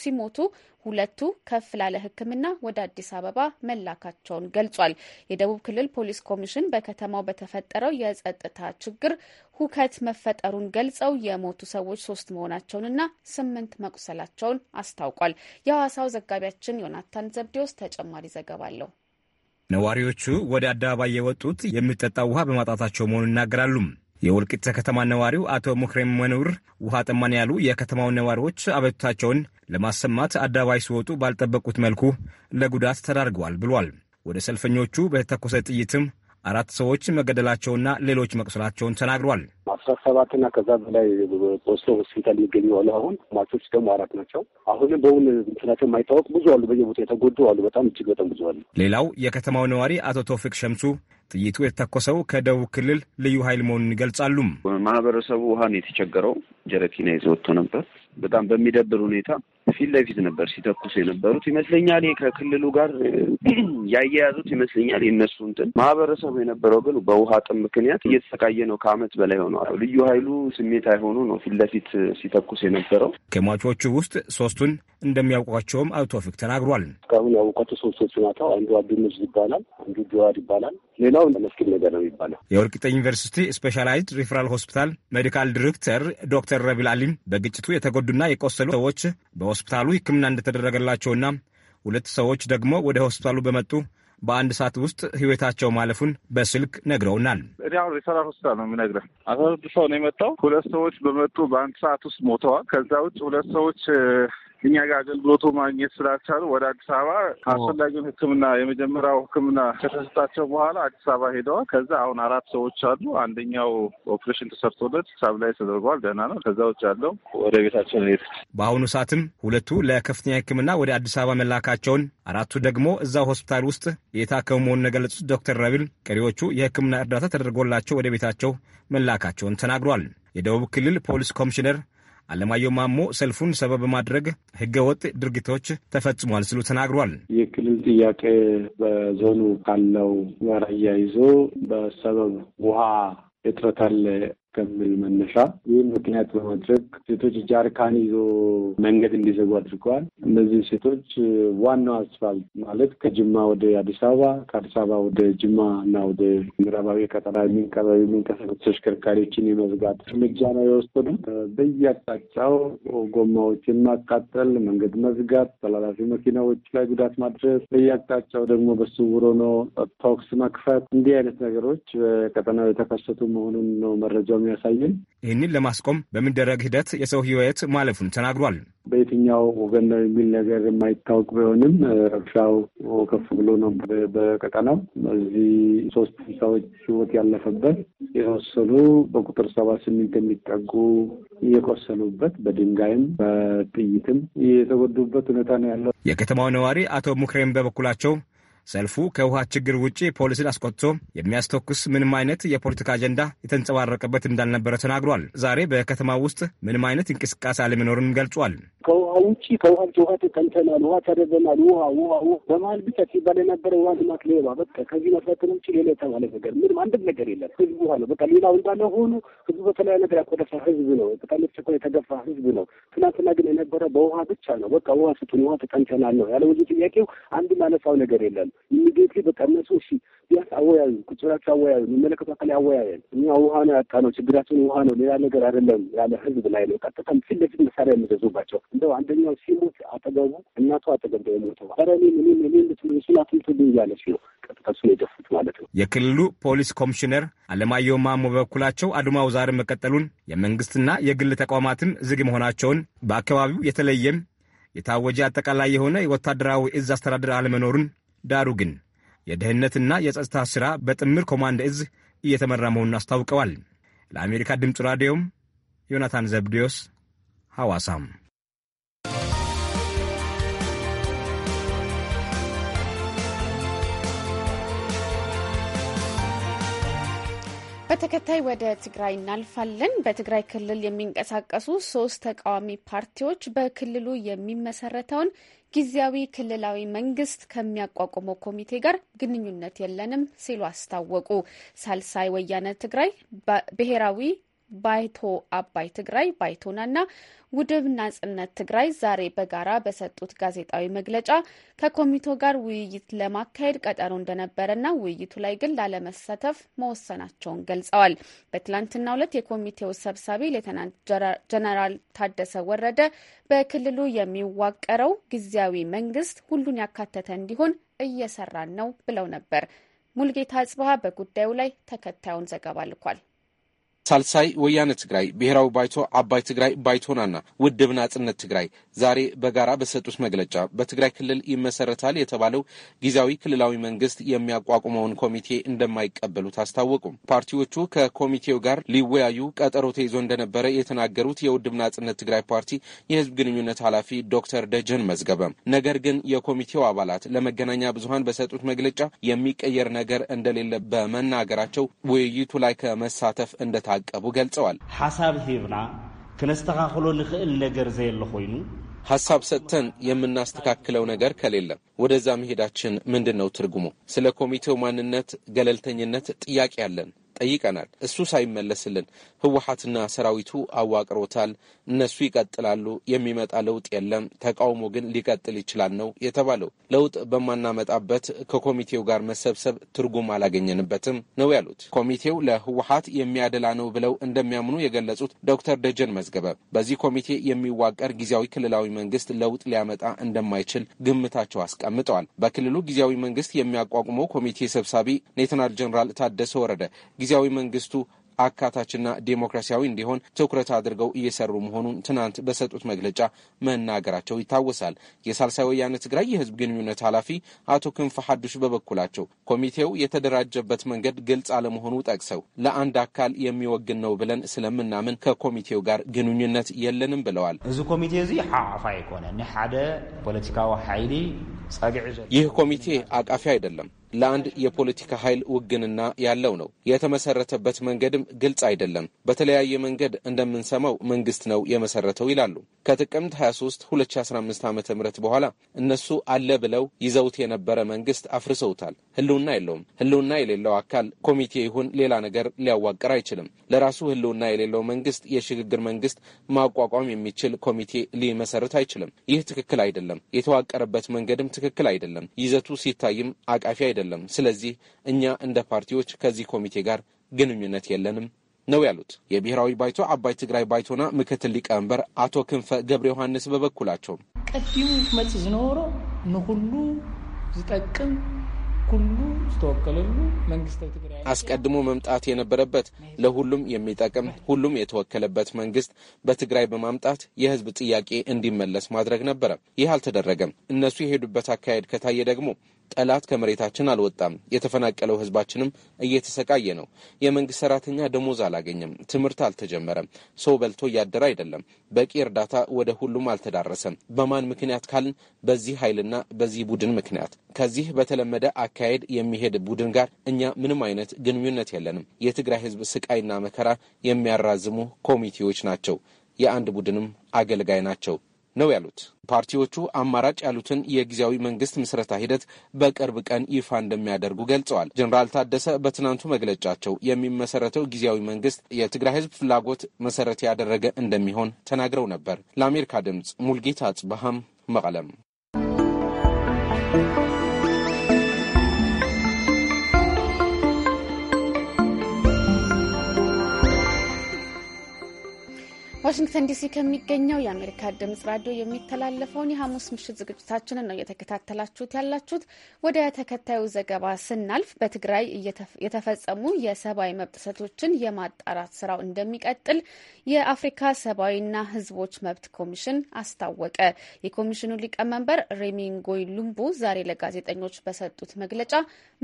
ሲሞ ሲሞቱ ሁለቱ ከፍ ላለ ሕክምና ወደ አዲስ አበባ መላካቸውን ገልጿል። የደቡብ ክልል ፖሊስ ኮሚሽን በከተማው በተፈጠረው የጸጥታ ችግር ሁከት መፈጠሩን ገልጸው የሞቱ ሰዎች ሶስት መሆናቸውንና ስምንት መቁሰላቸውን አስታውቋል። የሐዋሳው ዘጋቢያችን ዮናታን ዘብዴዎስ ተጨማሪ ዘገባ አለው። ነዋሪዎቹ ወደ አደባባይ የወጡት የሚጠጣ ውሃ በማጣታቸው መሆኑን ይናገራሉ። የወልቂጤ ከተማ ነዋሪው አቶ ሙክሬም መኑር ውሃ ጠማን ያሉ የከተማውን ነዋሪዎች አቤቱታቸውን ለማሰማት አደባባይ ሲወጡ ባልጠበቁት መልኩ ለጉዳት ተዳርገዋል ብሏል። ወደ ሰልፈኞቹ በተተኮሰ ጥይትም አራት ሰዎች መገደላቸውና ሌሎች መቁሰላቸውን ተናግሯል። አስራ ሰባትና ከዛ በላይ በወስሎ ሆስፒታል የሚገኙ አሉ። አሁን ሟቾች ደግሞ አራት ናቸው። አሁንም በውን እንትናቸው የማይታወቅ ብዙ አሉ። በየቦታ የተጎዱ አሉ። በጣም እጅግ በጣም ብዙ አሉ። ሌላው የከተማው ነዋሪ አቶ ቶፊክ ሸምሱ ጥይቱ የተተኮሰው ከደቡብ ክልል ልዩ ኃይል መሆኑን ይገልጻሉ። ማህበረሰቡ ውሃን የተቸገረው ጀረኪና ይዘወጥቶ ነበር። በጣም በሚደብር ሁኔታ ፊት ለፊት ነበር ሲተኩስ የነበሩት ይመስለኛል። ከክልሉ ጋር ያያያዙት ይመስለኛል የነሱ እንትን ማህበረሰቡ የነበረው ግን በውሃ ጥም ምክንያት እየተሰቃየ ነው። ከአመት በላይ ሆነዋል። ልዩ ኃይሉ ስሜት አይሆኑ ነው ፊት ለፊት ሲተኩስ የነበረው። ከሟቾቹ ውስጥ ሶስቱን እንደሚያውቋቸውም አቶ ቶፊቅ ተናግሯል። እስካሁን ያውቋቸው ሶስቶች ናቸው። አንዱ አብዱነጅ ይባላል፣ አንዱ ጆዋድ ይባላል፣ ሌላው መስኪን ነገር ነው ይባላል። የወልቂጤ ዩኒቨርሲቲ ስፔሻላይዝድ ሪፈራል ሆስፒታል ሜዲካል ዲሬክተር ዶክተር ረቢል አሊም በግጭቱ የተጎዱና የቆሰሉ ሰዎች በ በሆስፒታሉ ሕክምና እንደተደረገላቸውና ሁለት ሰዎች ደግሞ ወደ ሆስፒታሉ በመጡ በአንድ ሰዓት ውስጥ ህይወታቸው ማለፉን በስልክ ነግረውናል። እኔ አሁን ሪሰራ ሆስፒታል ነው የምነግረህ። አስራ ስድስት ሰው ነው የመጣው። ሁለት ሰዎች በመጡ በአንድ ሰዓት ውስጥ ሞተዋል። ከዛ ውጭ ሁለት ሰዎች እኛ ጋር አገልግሎቱ ማግኘት ስላልቻሉ ወደ አዲስ አበባ አስፈላጊውን ሕክምና የመጀመሪያው ሕክምና ከተሰጣቸው በኋላ አዲስ አበባ ሄደዋል። ከዛ አሁን አራት ሰዎች አሉ። አንደኛው ኦፕሬሽን ተሰርቶለት ሳብ ላይ ተደርጓል። ደህና ነው። ከዛ ውጭ ያለው ወደ ቤታቸው ሄድ። በአሁኑ ሰዓትም ሁለቱ ለከፍተኛ ሕክምና ወደ አዲስ አበባ መላካቸውን፣ አራቱ ደግሞ እዛው ሆስፒታል ውስጥ የታከሙ መሆኑን የገለጹት ዶክተር ረቢል ቀሪዎቹ የሕክምና እርዳታ ተደርጎላቸው ወደ ቤታቸው መላካቸውን ተናግሯል። የደቡብ ክልል ፖሊስ ኮሚሽነር አለማየሁ ማሞ ሰልፉን ሰበብ በማድረግ ህገወጥ ድርጊቶች ተፈጽሟል ሲሉ ተናግሯል። የክልል ጥያቄ በዞኑ ካለው ጋር አያይዞ በሰበብ ውሃ እጥረት አለ ከሚል መነሻ ይህ ምክንያት በማድረግ ሴቶች ጃርካን ይዞ መንገድ እንዲዘጉ አድርገዋል። እነዚህ ሴቶች ዋናው አስፋልት ማለት ከጅማ ወደ አዲስ አበባ፣ ከአዲስ አበባ ወደ ጅማ እና ወደ ምዕራባዊ ቀጠና የሚንቀሳቀሱ ተሽከርካሪዎችን የመዝጋት እርምጃ ነው የወሰዱ። በየአቅጣጫው ጎማዎችን ማቃጠል፣ መንገድ መዝጋት፣ ተላላፊ መኪናዎች ላይ ጉዳት ማድረስ፣ በየአቅጣጫው ደግሞ በስውር ሆኖ ተኩስ መክፈት፣ እንዲህ አይነት ነገሮች በቀጠናው የተከሰቱ መሆኑን ነው መረጃ የሚያሳየን። ይህንን ለማስቆም በሚደረግ ሂደት የሰው ህይወት ማለፉን ተናግሯል። በየትኛው ወገን ነው የሚል ነገር የማይታወቅ ቢሆንም ረብሻው ከፍ ብሎ ነው በቀጠናው እዚህ ሶስት ሰዎች ህይወት ያለፈበት የተወሰኑ በቁጥር ሰባ ስምንት የሚጠጉ እየቆሰሉበት በድንጋይም በጥይትም የተጎዱበት ሁኔታ ነው ያለው። የከተማው ነዋሪ አቶ ሙክሬም በበኩላቸው ሰልፉ ከውሃ ችግር ውጪ ፖሊስን አስቆጥቶ የሚያስተኩስ ምንም አይነት የፖለቲካ አጀንዳ የተንጸባረቀበት እንዳልነበረ ተናግሯል። ዛሬ በከተማ ውስጥ ምንም አይነት እንቅስቃሴ አለመኖርም ገልጿል። ከውሃ ውጭ ከውሃ ውሃ ተጠምተናል፣ ውሃ ተደበናል፣ ውሃ ውሃ ውሃ በመሀል ብቻ ሲባል የነበረ ውሃ ልማት ሌባ በቃ ከዚህ መስረትን ውጭ ሌላ የተባለ ነገር ምንም አንድም ነገር የለም። ህዝቡ ነው በቃ ሌላው እንዳለ ሆኑ ህዝቡ በተለያዩ ነገር ያኮደፋ ህዝብ ነው። በጣም የተቸኮለ የተገፋ ህዝብ ነው። ትናንትና ግን የነበረ በውሃ ብቻ ነው። በቃ ውሃ ስጡን፣ ውሃ ተጠምተናል ነው ያለ ብዙ ጥያቄው አንድም አነሳው ነገር የለም። ኢሚዲየትሊ በቃ እነሱ እሺ ቢያንስ አወያዩ፣ ቁጭ ብላችሁ አወያዩ፣ የሚመለከቱ አካል ያወያየን። እኛ ውሃ ነው ያጣ ነው ችግራችን ውሃ ነው ሌላ ነገር አይደለም ያለ ህዝብ ላይ ነው ቀጥታም ፊት ለፊት መሳሪያ የሚገዙባቸው እንደው አንደኛው ሲሞት አጠገቡ እናቱ አጠገብ ነው የሞተው። ኧረ እኔም እኔም እኔም ብትሉ እሱን አትምቱልኝ እያለች ነው ቀጥታ እሱን የደፉት ማለት ነው። የክልሉ ፖሊስ ኮሚሽነር አለማየሁ ማሞ በበኩላቸው አድማው ዛሬ መቀጠሉን የመንግስትና የግል ተቋማትም ዝግ መሆናቸውን በአካባቢው የተለየም የታወጀ አጠቃላይ የሆነ የወታደራዊ እዝ አስተዳደር አለመኖሩን ዳሩ ግን የደህንነትና የጸጥታ ሥራ በጥምር ኮማንድ እዝ እየተመራ መሆኑን አስታውቀዋል። ለአሜሪካ ድምፅ ራዲዮም ዮናታን ዘብዴዎስ ሐዋሳም በተከታይ ወደ ትግራይ እናልፋለን። በትግራይ ክልል የሚንቀሳቀሱ ሶስት ተቃዋሚ ፓርቲዎች በክልሉ የሚመሰረተውን ጊዜያዊ ክልላዊ መንግስት ከሚያቋቁመው ኮሚቴ ጋር ግንኙነት የለንም ሲሉ አስታወቁ። ሳልሳይ ወያነ ትግራይ ብሔራዊ ባይቶ አባይ ትግራይ ባይቶናና ውድብ ናጽነት ትግራይ ዛሬ በጋራ በሰጡት ጋዜጣዊ መግለጫ ከኮሚቴው ጋር ውይይት ለማካሄድ ቀጠሮ እንደነበረና ውይይቱ ላይ ግን ላለመሳተፍ መወሰናቸውን ገልጸዋል። በትላንትናው ዕለት የኮሚቴው ሰብሳቢ ሌተናንት ጀነራል ታደሰ ወረደ በክልሉ የሚዋቀረው ጊዜያዊ መንግስት ሁሉን ያካተተ እንዲሆን እየሰራን ነው ብለው ነበር። ሙልጌታ አጽብሃ በጉዳዩ ላይ ተከታዩን ዘገባ ልኳል። ሳልሳይ ወያነ ትግራይ፣ ብሔራዊ ባይቶ አባይ ትግራይ፣ ባይቶናና ውድብ ናጽነት ትግራይ ዛሬ በጋራ በሰጡት መግለጫ በትግራይ ክልል ይመሰረታል የተባለው ጊዜያዊ ክልላዊ መንግስት የሚያቋቁመውን ኮሚቴ እንደማይቀበሉት አስታወቁም። ፓርቲዎቹ ከኮሚቴው ጋር ሊወያዩ ቀጠሮ ተይዞ እንደነበረ የተናገሩት የውድብ ናጽነት ትግራይ ፓርቲ የህዝብ ግንኙነት ኃላፊ ዶክተር ደጀን መዝገበም፣ ነገር ግን የኮሚቴው አባላት ለመገናኛ ብዙሀን በሰጡት መግለጫ የሚቀየር ነገር እንደሌለ በመናገራቸው ውይይቱ ላይ ከመሳተፍ እንደታ እንደሚታቀቡ ገልጸዋል። ሓሳብ ሂብና ክነስተኻኽሎ ንኽእል ነገር ዘየለ ኮይኑ ሐሳብ ሰጥተን የምናስተካክለው ነገር ከሌለም ወደዛ መሄዳችን ምንድን ነው ትርጉሙ? ስለ ኮሚቴው ማንነት ገለልተኝነት ጥያቄ አለን። ጠይቀናል። እሱ ሳይመለስልን ህወሓትና ሰራዊቱ አዋቅሮታል፣ እነሱ ይቀጥላሉ፣ የሚመጣ ለውጥ የለም፣ ተቃውሞ ግን ሊቀጥል ይችላል ነው የተባለው። ለውጥ በማናመጣበት ከኮሚቴው ጋር መሰብሰብ ትርጉም አላገኘንበትም ነው ያሉት። ኮሚቴው ለህወሓት የሚያደላ ነው ብለው እንደሚያምኑ የገለጹት ዶክተር ደጀን መዝገበ በዚህ ኮሚቴ የሚዋቀር ጊዜያዊ ክልላዊ መንግስት ለውጥ ሊያመጣ እንደማይችል ግምታቸው አስቀምጠዋል። በክልሉ ጊዜያዊ መንግስት የሚያቋቁመው ኮሚቴ ሰብሳቢ ሌተናል ጀኔራል ታደሰ ወረደ ጊዜያዊ መንግስቱ አካታችና ዴሞክራሲያዊ እንዲሆን ትኩረት አድርገው እየሰሩ መሆኑን ትናንት በሰጡት መግለጫ መናገራቸው ይታወሳል። የሳልሳይ ወያነ ትግራይ የህዝብ ግንኙነት ኃላፊ አቶ ክንፈ ሀዱሽ በበኩላቸው ኮሚቴው የተደራጀበት መንገድ ግልጽ አለመሆኑ ጠቅሰው ለአንድ አካል የሚወግን ነው ብለን ስለምናምን ከኮሚቴው ጋር ግንኙነት የለንም ብለዋል። እዚ ኮሚቴ እዚ ሓፍ አይኮነ ንሓደ ፖለቲካዊ ሓይሊ ጸግዕ ይህ ኮሚቴ አቃፊ አይደለም ለአንድ የፖለቲካ ኃይል ውግንና ያለው ነው። የተመሰረተበት መንገድም ግልጽ አይደለም። በተለያየ መንገድ እንደምንሰማው መንግስት ነው የመሰረተው ይላሉ። ከጥቅምት 23 2015 ዓ ም በኋላ እነሱ አለ ብለው ይዘውት የነበረ መንግስት አፍርሰውታል። ህልውና የለውም። ህልውና የሌለው አካል ኮሚቴ ይሁን ሌላ ነገር ሊያዋቅር አይችልም። ለራሱ ህልውና የሌለው መንግስት የሽግግር መንግስት ማቋቋም የሚችል ኮሚቴ ሊመሰርት አይችልም። ይህ ትክክል አይደለም። የተዋቀረበት መንገድም ትክክል አይደለም። ይዘቱ ሲታይም አቃፊ አይደለም። አይደለም። ስለዚህ እኛ እንደ ፓርቲዎች ከዚህ ኮሚቴ ጋር ግንኙነት የለንም ነው ያሉት። የብሔራዊ ባይቶ አባይ ትግራይ ባይቶና ምክትል ሊቀመንበር አቶ ክንፈ ገብረ ዮሐንስ በበኩላቸው ቀዲሙ መፅ ዝነበሮ ንሁሉ ዝጠቅም ሁሉ ዝተወከለሉ መንግስት ትግራይ አስቀድሞ መምጣት የነበረበት ለሁሉም የሚጠቅም ሁሉም የተወከለበት መንግስት በትግራይ በማምጣት የህዝብ ጥያቄ እንዲመለስ ማድረግ ነበረ። ይህ አልተደረገም። እነሱ የሄዱበት አካሄድ ከታየ ደግሞ ጠላት ከመሬታችን አልወጣም። የተፈናቀለው ህዝባችንም እየተሰቃየ ነው። የመንግስት ሰራተኛ ደሞዝ አላገኘም። ትምህርት አልተጀመረም። ሰው በልቶ እያደረ አይደለም። በቂ እርዳታ ወደ ሁሉም አልተዳረሰም። በማን ምክንያት ካልን በዚህ ኃይልና በዚህ ቡድን ምክንያት። ከዚህ በተለመደ አካሄድ የሚሄድ ቡድን ጋር እኛ ምንም አይነት ግንኙነት የለንም። የትግራይ ህዝብ ስቃይና መከራ የሚያራዝሙ ኮሚቴዎች ናቸው። የአንድ ቡድንም አገልጋይ ናቸው። ነው ያሉት። ፓርቲዎቹ አማራጭ ያሉትን የጊዜያዊ መንግስት ምስረታ ሂደት በቅርብ ቀን ይፋ እንደሚያደርጉ ገልጸዋል። ጀኔራል ታደሰ በትናንቱ መግለጫቸው የሚመሰረተው ጊዜያዊ መንግስት የትግራይ ህዝብ ፍላጎት መሰረት ያደረገ እንደሚሆን ተናግረው ነበር። ለአሜሪካ ድምፅ ሙልጌታ አጽበሃም መቀለም ዋሽንግተን ዲሲ ከሚገኘው የአሜሪካ ድምጽ ራዲዮ የሚተላለፈውን የሐሙስ ምሽት ዝግጅታችንን ነው እየተከታተላችሁት ያላችሁት። ወደ ተከታዩ ዘገባ ስናልፍ በትግራይ የተፈጸሙ የሰብአዊ መብት ጥሰቶችን የማጣራት ስራው እንደሚቀጥል የአፍሪካ ሰብአዊና ሕዝቦች መብት ኮሚሽን አስታወቀ። የኮሚሽኑ ሊቀመንበር ሬሚንጎይ ሉምቡ ዛሬ ለጋዜጠኞች በሰጡት መግለጫ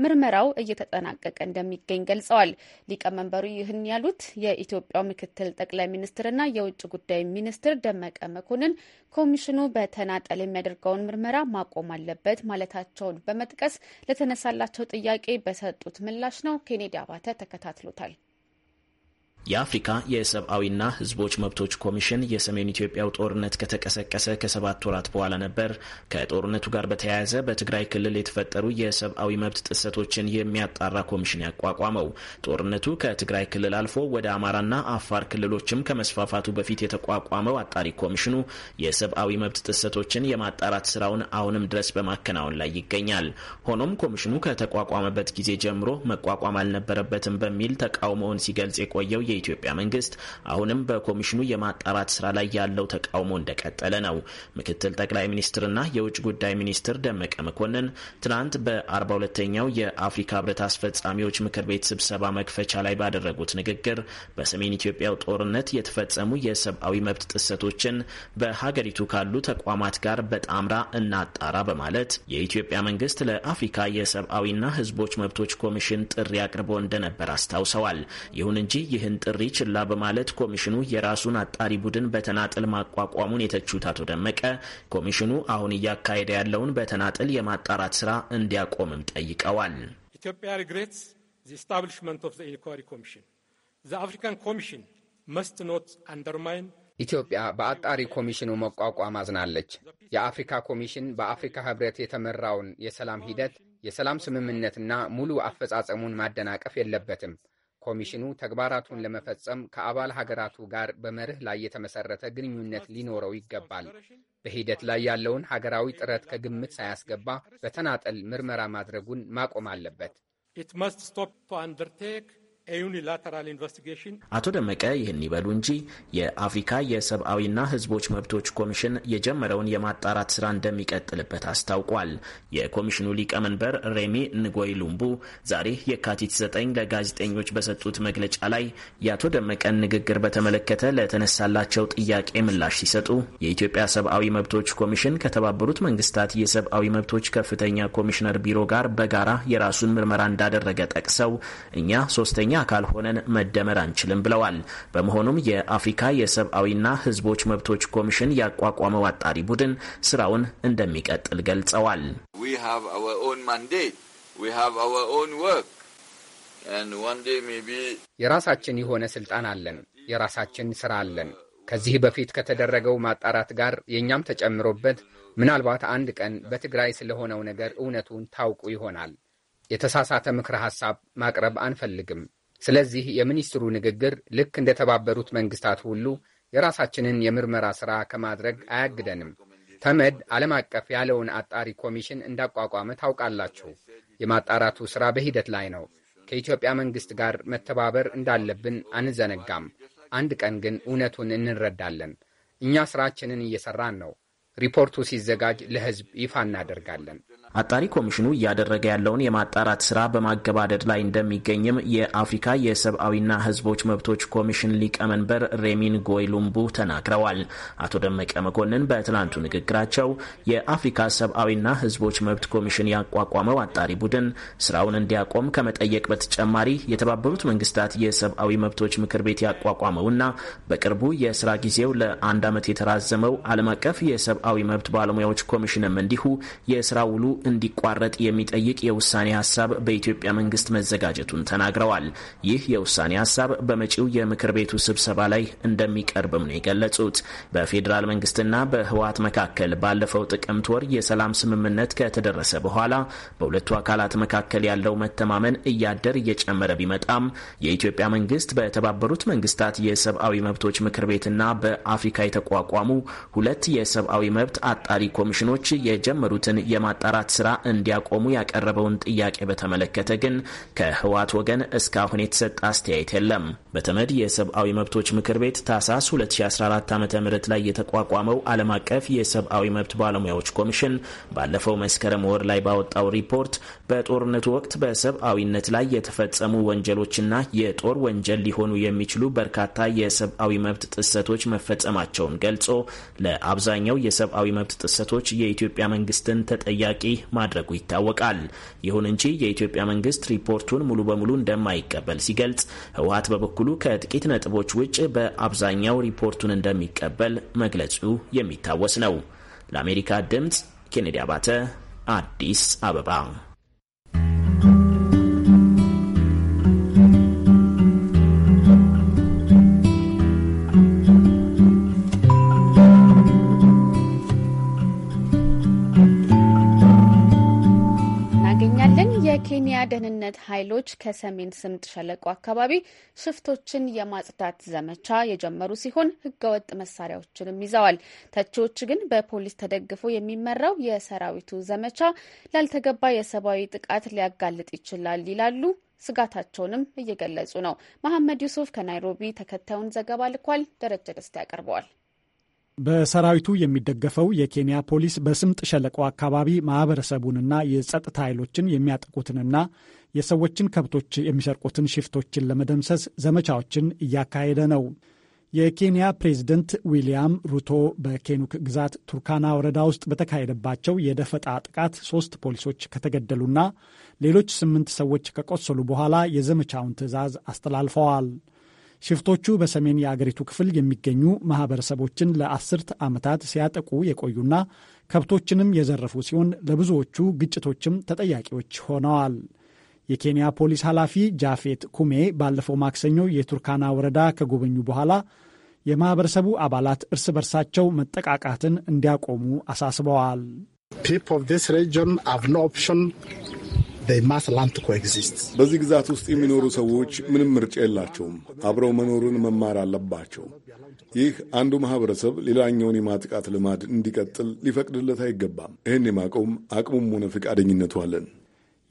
ምርመራው እየተጠናቀቀ እንደሚገኝ ገልጸዋል። ሊቀመንበሩ ይህን ያሉት የኢትዮጵያው ምክትል ጠቅላይ ሚኒስትርና የውጭ ጉዳይ ሚኒስትር ደመቀ መኮንን ኮሚሽኑ በተናጠል የሚያደርገውን ምርመራ ማቆም አለበት ማለታቸውን በመጥቀስ ለተነሳላቸው ጥያቄ በሰጡት ምላሽ ነው። ኬኔዲ አባተ ተከታትሎታል። የአፍሪካ የሰብአዊና ህዝቦች መብቶች ኮሚሽን የሰሜን ኢትዮጵያው ጦርነት ከተቀሰቀሰ ከሰባት ወራት በኋላ ነበር ከጦርነቱ ጋር በተያያዘ በትግራይ ክልል የተፈጠሩ የሰብአዊ መብት ጥሰቶችን የሚያጣራ ኮሚሽን ያቋቋመው። ጦርነቱ ከትግራይ ክልል አልፎ ወደ አማራና አፋር ክልሎችም ከመስፋፋቱ በፊት የተቋቋመው አጣሪ ኮሚሽኑ የሰብአዊ መብት ጥሰቶችን የማጣራት ስራውን አሁንም ድረስ በማከናወን ላይ ይገኛል። ሆኖም ኮሚሽኑ ከተቋቋመበት ጊዜ ጀምሮ መቋቋም አልነበረበትም በሚል ተቃውሞውን ሲገልጽ የቆየው የኢትዮጵያ መንግስት አሁንም በኮሚሽኑ የማጣራት ስራ ላይ ያለው ተቃውሞ እንደቀጠለ ነው። ምክትል ጠቅላይ ሚኒስትርና የውጭ ጉዳይ ሚኒስትር ደመቀ መኮንን ትናንት በ42ኛው የአፍሪካ ህብረት አስፈጻሚዎች ምክር ቤት ስብሰባ መክፈቻ ላይ ባደረጉት ንግግር በሰሜን ኢትዮጵያው ጦርነት የተፈጸሙ የሰብአዊ መብት ጥሰቶችን በሀገሪቱ ካሉ ተቋማት ጋር በጣምራ እናጣራ በማለት የኢትዮጵያ መንግስት ለአፍሪካ የሰብአዊና ህዝቦች መብቶች ኮሚሽን ጥሪ አቅርቦ እንደነበር አስታውሰዋል። ይሁን እንጂ ይህን ይህንን ጥሪ ችላ በማለት ኮሚሽኑ የራሱን አጣሪ ቡድን በተናጠል ማቋቋሙን የተቹት አቶ ደመቀ ኮሚሽኑ አሁን እያካሄደ ያለውን በተናጠል የማጣራት ስራ እንዲያቆምም ጠይቀዋል። ኢትዮጵያ ሪግሬትስ ዘ ኢስታብሊሽመንት ኦፍ ዘ ኢንኳሪ ኮሚሽን ዘ አፍሪካን ኮሚሽን መስት ኖት አንደርማይን ኢትዮጵያ በአጣሪ ኮሚሽኑ መቋቋም አዝናለች። የአፍሪካ ኮሚሽን በአፍሪካ ህብረት የተመራውን የሰላም ሂደት የሰላም ስምምነትና ሙሉ አፈጻጸሙን ማደናቀፍ የለበትም። ኮሚሽኑ ተግባራቱን ለመፈጸም ከአባል ሀገራቱ ጋር በመርህ ላይ የተመሰረተ ግንኙነት ሊኖረው ይገባል። በሂደት ላይ ያለውን ሀገራዊ ጥረት ከግምት ሳያስገባ በተናጠል ምርመራ ማድረጉን ማቆም አለበት። It አቶ ደመቀ ይህን ይበሉ እንጂ የአፍሪካ የሰብአዊና ሕዝቦች መብቶች ኮሚሽን የጀመረውን የማጣራት ስራ እንደሚቀጥልበት አስታውቋል። የኮሚሽኑ ሊቀመንበር ሬሚ ንጎይ ሉምቡ ዛሬ የካቲት 9 ለጋዜጠኞች በሰጡት መግለጫ ላይ የአቶ ደመቀን ንግግር በተመለከተ ለተነሳላቸው ጥያቄ ምላሽ ሲሰጡ የኢትዮጵያ ሰብአዊ መብቶች ኮሚሽን ከተባበሩት መንግስታት የሰብአዊ መብቶች ከፍተኛ ኮሚሽነር ቢሮ ጋር በጋራ የራሱን ምርመራ እንዳደረገ ጠቅሰው እኛ ሶስተኛ ካልሆነን መደመር አንችልም ብለዋል። በመሆኑም የአፍሪካ የሰብአዊና ህዝቦች መብቶች ኮሚሽን ያቋቋመው አጣሪ ቡድን ስራውን እንደሚቀጥል ገልጸዋል። የራሳችን የሆነ ስልጣን አለን፣ የራሳችን ስራ አለን። ከዚህ በፊት ከተደረገው ማጣራት ጋር የእኛም ተጨምሮበት ምናልባት አንድ ቀን በትግራይ ስለሆነው ነገር እውነቱን ታውቁ ይሆናል። የተሳሳተ ምክረ ሐሳብ ማቅረብ አንፈልግም። ስለዚህ የሚኒስትሩ ንግግር ልክ እንደተባበሩት መንግስታት ሁሉ የራሳችንን የምርመራ ሥራ ከማድረግ አያግደንም። ተመድ ዓለም አቀፍ ያለውን አጣሪ ኮሚሽን እንዳቋቋመ ታውቃላችሁ። የማጣራቱ ሥራ በሂደት ላይ ነው። ከኢትዮጵያ መንግሥት ጋር መተባበር እንዳለብን አንዘነጋም። አንድ ቀን ግን እውነቱን እንረዳለን። እኛ ሥራችንን እየሠራን ነው። ሪፖርቱ ሲዘጋጅ ለሕዝብ ይፋ እናደርጋለን። አጣሪ ኮሚሽኑ እያደረገ ያለውን የማጣራት ስራ በማገባደድ ላይ እንደሚገኝም የአፍሪካ የሰብአዊና ህዝቦች መብቶች ኮሚሽን ሊቀመንበር ሬሚን ጎይሉምቡ ተናግረዋል። አቶ ደመቀ መኮንን በትናንቱ ንግግራቸው የአፍሪካ ሰብአዊና ህዝቦች መብት ኮሚሽን ያቋቋመው አጣሪ ቡድን ስራውን እንዲያቆም ከመጠየቅ በተጨማሪ የተባበሩት መንግስታት የሰብአዊ መብቶች ምክር ቤት ያቋቋመውና በቅርቡ የስራ ጊዜው ለአንድ ዓመት የተራዘመው ዓለም አቀፍ የሰብአዊ መብት ባለሙያዎች ኮሚሽንም እንዲሁ የስራ ውሉ እንዲቋረጥ የሚጠይቅ የውሳኔ ሀሳብ በኢትዮጵያ መንግስት መዘጋጀቱን ተናግረዋል። ይህ የውሳኔ ሀሳብ በመጪው የምክር ቤቱ ስብሰባ ላይ እንደሚቀርብም ነው የገለጹት። በፌዴራል መንግስትና በህወሀት መካከል ባለፈው ጥቅምት ወር የሰላም ስምምነት ከተደረሰ በኋላ በሁለቱ አካላት መካከል ያለው መተማመን እያደር እየጨመረ ቢመጣም የኢትዮጵያ መንግስት በተባበሩት መንግስታት የሰብአዊ መብቶች ምክር ቤትና በአፍሪካ የተቋቋሙ ሁለት የሰብአዊ መብት አጣሪ ኮሚሽኖች የጀመሩትን የማጣራት የማልማት ስራ እንዲያቆሙ ያቀረበውን ጥያቄ በተመለከተ ግን ከህወሓት ወገን እስካሁን የተሰጠ አስተያየት የለም። በተመድ የሰብአዊ መብቶች ምክር ቤት ታሳስ 2014 ዓ.ም ላይ የተቋቋመው ዓለም አቀፍ የሰብአዊ መብት ባለሙያዎች ኮሚሽን ባለፈው መስከረም ወር ላይ ባወጣው ሪፖርት በጦርነቱ ወቅት በሰብአዊነት ላይ የተፈጸሙ ወንጀሎችና የጦር ወንጀል ሊሆኑ የሚችሉ በርካታ የሰብአዊ መብት ጥሰቶች መፈጸማቸውን ገልጾ ለአብዛኛው የሰብአዊ መብት ጥሰቶች የኢትዮጵያ መንግስትን ተጠያቂ እንዲህ ማድረጉ ይታወቃል። ይሁን እንጂ የኢትዮጵያ መንግስት ሪፖርቱን ሙሉ በሙሉ እንደማይቀበል ሲገልጽ፣ ህወሀት በበኩሉ ከጥቂት ነጥቦች ውጭ በአብዛኛው ሪፖርቱን እንደሚቀበል መግለጹ የሚታወስ ነው። ለአሜሪካ ድምፅ ኬኔዲ አባተ አዲስ አበባ የኬንያ ደህንነት ኃይሎች ከሰሜን ስምጥ ሸለቆ አካባቢ ሽፍቶችን የማጽዳት ዘመቻ የጀመሩ ሲሆን ህገወጥ መሳሪያዎችንም ይዘዋል። ተቺዎች ግን በፖሊስ ተደግፎ የሚመራው የሰራዊቱ ዘመቻ ላልተገባ የሰብአዊ ጥቃት ሊያጋልጥ ይችላል ይላሉ። ስጋታቸውንም እየገለጹ ነው። መሐመድ ዩሱፍ ከናይሮቢ ተከታዩን ዘገባ ልኳል። ደረጀ ደስታ ያቀርበዋል። በሰራዊቱ የሚደገፈው የኬንያ ፖሊስ በስምጥ ሸለቆ አካባቢ ማህበረሰቡንና የጸጥታ ኃይሎችን የሚያጠቁትንና የሰዎችን ከብቶች የሚሰርቁትን ሽፍቶችን ለመደምሰስ ዘመቻዎችን እያካሄደ ነው። የኬንያ ፕሬዝደንት ዊልያም ሩቶ በኬኑክ ግዛት ቱርካና ወረዳ ውስጥ በተካሄደባቸው የደፈጣ ጥቃት ሶስት ፖሊሶች ከተገደሉና ሌሎች ስምንት ሰዎች ከቆሰሉ በኋላ የዘመቻውን ትዕዛዝ አስተላልፈዋል። ሽፍቶቹ በሰሜን የአገሪቱ ክፍል የሚገኙ ማህበረሰቦችን ለአስርት ዓመታት ሲያጠቁ የቆዩና ከብቶችንም የዘረፉ ሲሆን ለብዙዎቹ ግጭቶችም ተጠያቂዎች ሆነዋል። የኬንያ ፖሊስ ኃላፊ ጃፌት ኩሜ ባለፈው ማክሰኞ የቱርካና ወረዳ ከጎበኙ በኋላ የማህበረሰቡ አባላት እርስ በርሳቸው መጠቃቃትን እንዲያቆሙ አሳስበዋል። በዚህ ግዛት ውስጥ የሚኖሩ ሰዎች ምንም ምርጫ የላቸውም። አብረው መኖርን መማር አለባቸው። ይህ አንዱ ማህበረሰብ ሌላኛውን የማጥቃት ልማድ እንዲቀጥል ሊፈቅድለት አይገባም። ይህን የማቆም አቅሙም ሆነ ፈቃደኝነቱ አለን።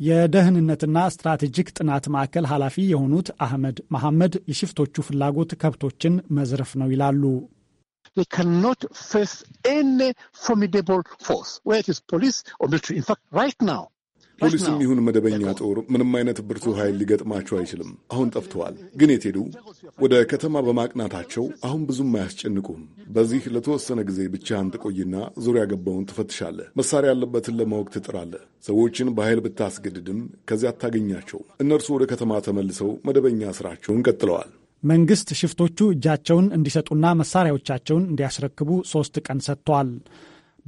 የደህንነትና ስትራቴጂክ ጥናት ማዕከል ኃላፊ የሆኑት አህመድ መሐመድ የሽፍቶቹ ፍላጎት ከብቶችን መዝረፍ ነው ይላሉ። ፖሊስም ይሁን መደበኛ ጦር ምንም አይነት ብርቱ ኃይል ሊገጥማቸው አይችልም። አሁን ጠፍተዋል፣ ግን የት ሄዱ? ወደ ከተማ በማቅናታቸው አሁን ብዙም አያስጨንቁም። በዚህ ለተወሰነ ጊዜ ብቻህን ትቆይና ዙሪያ ገባውን ትፈትሻለህ። መሳሪያ ያለበትን ለማወቅ ትጥራለህ። ሰዎችን በኃይል ብታስገድድም ከዚያ አታገኛቸው። እነርሱ ወደ ከተማ ተመልሰው መደበኛ ስራቸውን ቀጥለዋል። መንግስት ሽፍቶቹ እጃቸውን እንዲሰጡና መሳሪያዎቻቸውን እንዲያስረክቡ ሶስት ቀን ሰጥቷል።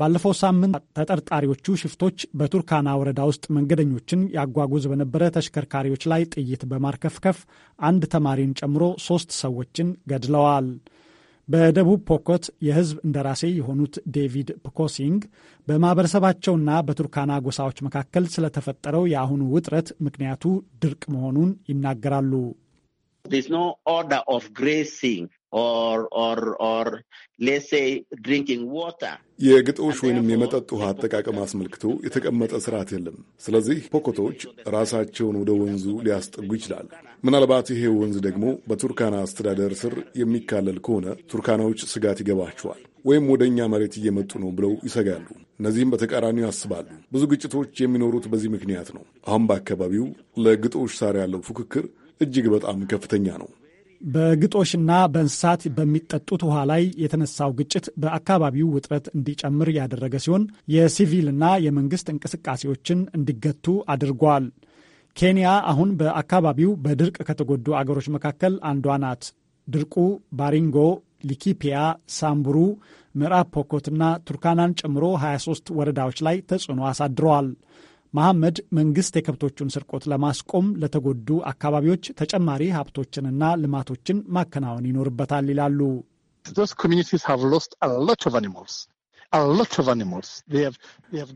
ባለፈው ሳምንት ተጠርጣሪዎቹ ሽፍቶች በቱርካና ወረዳ ውስጥ መንገደኞችን ያጓጉዝ በነበረ ተሽከርካሪዎች ላይ ጥይት በማርከፍከፍ አንድ ተማሪን ጨምሮ ሶስት ሰዎችን ገድለዋል። በደቡብ ፖኮት የህዝብ እንደራሴ የሆኑት ዴቪድ ፕኮሲንግ በማህበረሰባቸውና በቱርካና ጎሳዎች መካከል ስለተፈጠረው የአሁኑ ውጥረት ምክንያቱ ድርቅ መሆኑን ይናገራሉ። or or or let's say drinking water የግጦሽ ወይንም የመጠጥ ውሃ አጠቃቀም አስመልክቶ የተቀመጠ ስርዓት የለም። ስለዚህ ፖኮቶች ራሳቸውን ወደ ወንዙ ሊያስጠጉ ይችላል። ምናልባት ይሄ ወንዝ ደግሞ በቱርካና አስተዳደር ስር የሚካለል ከሆነ ቱርካናዎች ስጋት ይገባቸዋል፣ ወይም ወደ እኛ መሬት እየመጡ ነው ብለው ይሰጋሉ። እነዚህም በተቃራኒው ያስባሉ። ብዙ ግጭቶች የሚኖሩት በዚህ ምክንያት ነው። አሁን በአካባቢው ለግጦሽ ሳር ያለው ፉክክር እጅግ በጣም ከፍተኛ ነው። በግጦሽና በእንስሳት በሚጠጡት ውሃ ላይ የተነሳው ግጭት በአካባቢው ውጥረት እንዲጨምር ያደረገ ሲሆን የሲቪልና የመንግስት እንቅስቃሴዎችን እንዲገቱ አድርጓል። ኬንያ አሁን በአካባቢው በድርቅ ከተጎዱ አገሮች መካከል አንዷ ናት። ድርቁ ባሪንጎ፣ ሊኪፒያ፣ ሳምቡሩ፣ ምዕራብ ፖኮትና ቱርካናን ጨምሮ 23 ወረዳዎች ላይ ተጽዕኖ አሳድረዋል። መሐመድ መንግስት የከብቶቹን ስርቆት ለማስቆም ለተጎዱ አካባቢዎች ተጨማሪ ሀብቶችንና ልማቶችን ማከናወን ይኖርበታል ይላሉ።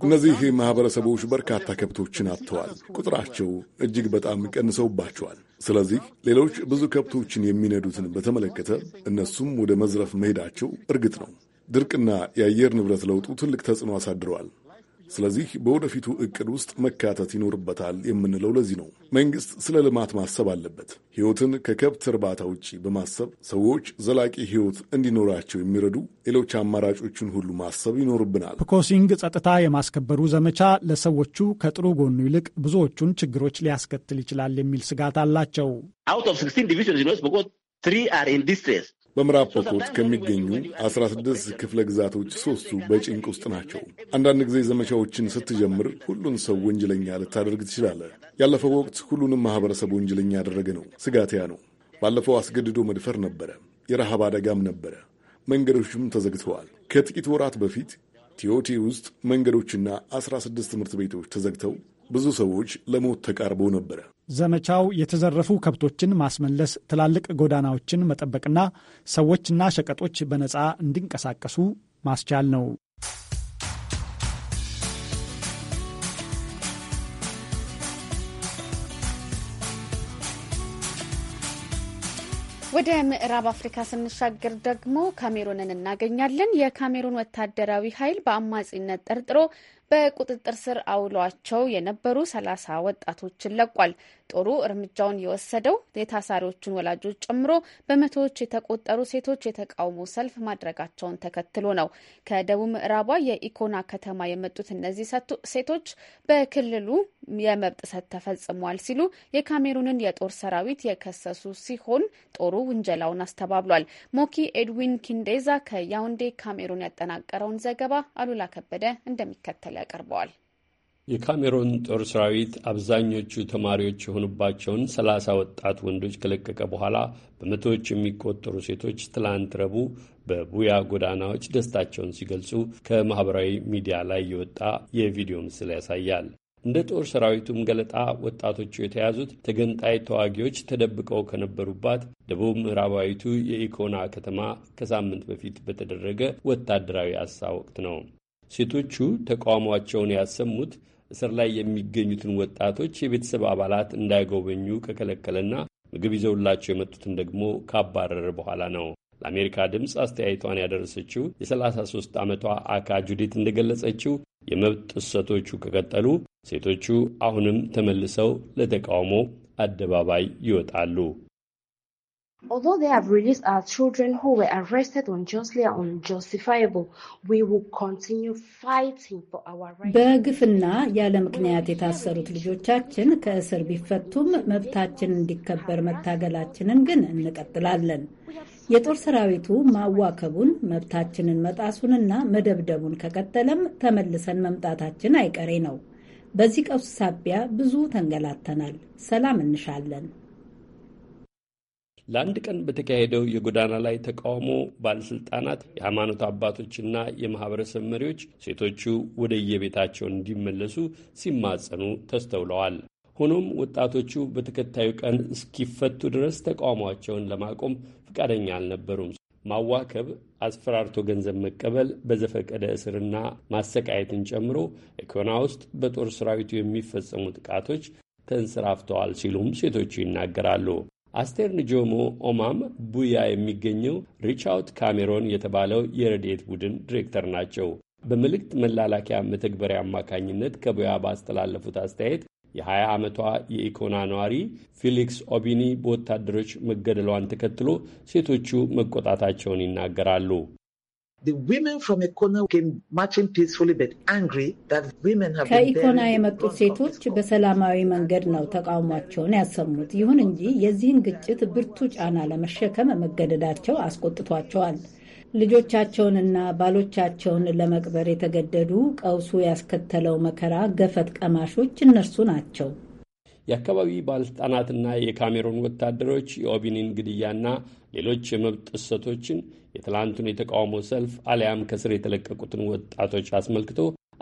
እነዚህ ማህበረሰቦች በርካታ ከብቶችን አጥተዋል። ቁጥራቸው እጅግ በጣም ቀንሰውባቸዋል። ስለዚህ ሌሎች ብዙ ከብቶችን የሚነዱትን በተመለከተ እነሱም ወደ መዝረፍ መሄዳቸው እርግጥ ነው። ድርቅና የአየር ንብረት ለውጡ ትልቅ ተጽዕኖ አሳድረዋል። ስለዚህ በወደፊቱ እቅድ ውስጥ መካተት ይኖርበታል የምንለው ለዚህ ነው። መንግስት ስለ ልማት ማሰብ አለበት። ህይወትን ከከብት እርባታ ውጪ በማሰብ ሰዎች ዘላቂ ህይወት እንዲኖራቸው የሚረዱ ሌሎች አማራጮችን ሁሉ ማሰብ ይኖርብናል። ፕኮሲንግ ጸጥታ የማስከበሩ ዘመቻ ለሰዎቹ ከጥሩ ጎኑ ይልቅ ብዙዎቹን ችግሮች ሊያስከትል ይችላል የሚል ስጋት አላቸው። በምዕራብ ፖኮት ከሚገኙ 16 ክፍለ ግዛቶች ሶስቱ በጭንቅ ውስጥ ናቸው። አንዳንድ ጊዜ ዘመቻዎችን ስትጀምር ሁሉን ሰው ወንጀለኛ ልታደርግ ትችላለህ። ያለፈው ወቅት ሁሉንም ማህበረሰብ ወንጀለኛ ያደረገ ነው። ስጋትያ ነው። ባለፈው አስገድዶ መድፈር ነበረ። የረሃብ አደጋም ነበረ። መንገዶችም ተዘግተዋል። ከጥቂት ወራት በፊት ቲዮቲ ውስጥ መንገዶችና 16 ትምህርት ቤቶች ተዘግተው ብዙ ሰዎች ለሞት ተቃርቦ ነበረ። ዘመቻው የተዘረፉ ከብቶችን ማስመለስ፣ ትላልቅ ጎዳናዎችን መጠበቅና ሰዎችና ሸቀጦች በነፃ እንዲንቀሳቀሱ ማስቻል ነው። ወደ ምዕራብ አፍሪካ ስንሻገር ደግሞ ካሜሩንን እናገኛለን። የካሜሩን ወታደራዊ ኃይል በአማጺነት ጠርጥሮ በቁጥጥር ስር አውሏቸው የነበሩ ሰላሳ ወጣቶችን ለቋል። ጦሩ እርምጃውን የወሰደው የታሳሪዎቹን ወላጆች ጨምሮ በመቶዎች የተቆጠሩ ሴቶች የተቃውሞ ሰልፍ ማድረጋቸውን ተከትሎ ነው። ከደቡብ ምዕራቧ የኢኮና ከተማ የመጡት እነዚህ ሴቶች በክልሉ የመብት ጥሰት ተፈጽሟል ሲሉ የካሜሩንን የጦር ሰራዊት የከሰሱ ሲሆን ጦሩ ውንጀላውን አስተባብሏል። ሞኪ ኤድዊን ኪንዴዛ ከያውንዴ ካሜሩን ያጠናቀረውን ዘገባ አሉላ ከበደ እንደሚከተል በቀለ ያቀርበዋል። የካሜሮን ጦር ሰራዊት አብዛኞቹ ተማሪዎች የሆኑባቸውን ሰላሳ ወጣት ወንዶች ከለቀቀ በኋላ በመቶዎች የሚቆጠሩ ሴቶች ትላንት ረቡዕ በቡያ ጎዳናዎች ደስታቸውን ሲገልጹ ከማኅበራዊ ሚዲያ ላይ የወጣ የቪዲዮ ምስል ያሳያል። እንደ ጦር ሰራዊቱም ገለጣ ወጣቶቹ የተያዙት ተገንጣይ ተዋጊዎች ተደብቀው ከነበሩባት ደቡብ ምዕራባዊቱ የኢኮና ከተማ ከሳምንት በፊት በተደረገ ወታደራዊ አሳ ወቅት ነው። ሴቶቹ ተቃውሟቸውን ያሰሙት እስር ላይ የሚገኙትን ወጣቶች የቤተሰብ አባላት እንዳይጎበኙ ከከለከለና ምግብ ይዘውላቸው የመጡትን ደግሞ ካባረረ በኋላ ነው። ለአሜሪካ ድምፅ አስተያየቷን ያደረሰችው የ33 ዓመቷ አካ ጁዲት እንደገለጸችው የመብት ጥሰቶቹ ከቀጠሉ ሴቶቹ አሁንም ተመልሰው ለተቃውሞ አደባባይ ይወጣሉ። Although they have released our children who were arrested unjustly and unjustifiable, we will continue fighting for our rights. በግፍና ያለ ምክንያት የታሰሩት ልጆቻችን ከእስር ቢፈቱም መብታችን እንዲከበር መታገላችንን ግን እንቀጥላለን። የጦር ሰራዊቱ ማዋከቡን፣ መብታችንን መጣሱንና መደብደቡን ከቀጠለም ተመልሰን መምጣታችን አይቀሬ ነው። በዚህ ቀውስ ሳቢያ ብዙ ተንገላተናል። ሰላም እንሻለን። ለአንድ ቀን በተካሄደው የጎዳና ላይ ተቃውሞ ባለሥልጣናት፣ የሃይማኖት አባቶችና የማኅበረሰብ መሪዎች ሴቶቹ ወደ የቤታቸው እንዲመለሱ ሲማጸኑ ተስተውለዋል። ሆኖም ወጣቶቹ በተከታዩ ቀን እስኪፈቱ ድረስ ተቃውሟቸውን ለማቆም ፈቃደኛ አልነበሩም። ማዋከብ፣ አስፈራርቶ ገንዘብ መቀበል፣ በዘፈቀደ እስርና ማሰቃየትን ጨምሮ ኢኮና ውስጥ በጦር ሰራዊቱ የሚፈጸሙ ጥቃቶች ተንሰራፍተዋል ሲሉም ሴቶቹ ይናገራሉ። አስቴር ንጆሞ ኦማም ቡያ የሚገኘው ሪቻውት ካሜሮን የተባለው የረድኤት ቡድን ዲሬክተር ናቸው። በመልእክት መላላኪያ መተግበሪያ አማካኝነት ከቡያ ባስተላለፉት አስተያየት የ20 ዓመቷ የኢኮና ነዋሪ ፊሊክስ ኦቢኒ በወታደሮች መገደሏን ተከትሎ ሴቶቹ መቆጣታቸውን ይናገራሉ። ከኢኮና የመጡት ሴቶች በሰላማዊ መንገድ ነው ተቃውሟቸውን ያሰሙት። ይሁን እንጂ የዚህን ግጭት ብርቱ ጫና ለመሸከም መገደዳቸው አስቆጥቷቸዋል። ልጆቻቸውንና ባሎቻቸውን ለመቅበር የተገደዱ ቀውሱ ያስከተለው መከራ ገፈት ቀማሾች እነርሱ ናቸው። የአካባቢ ባለስልጣናትና የካሜሩን ወታደሮች የኦቢኒን ግድያና ሌሎች የመብት ጥሰቶችን፣ የትላንቱን የተቃውሞ ሰልፍ አሊያም ከስር የተለቀቁትን ወጣቶች አስመልክቶ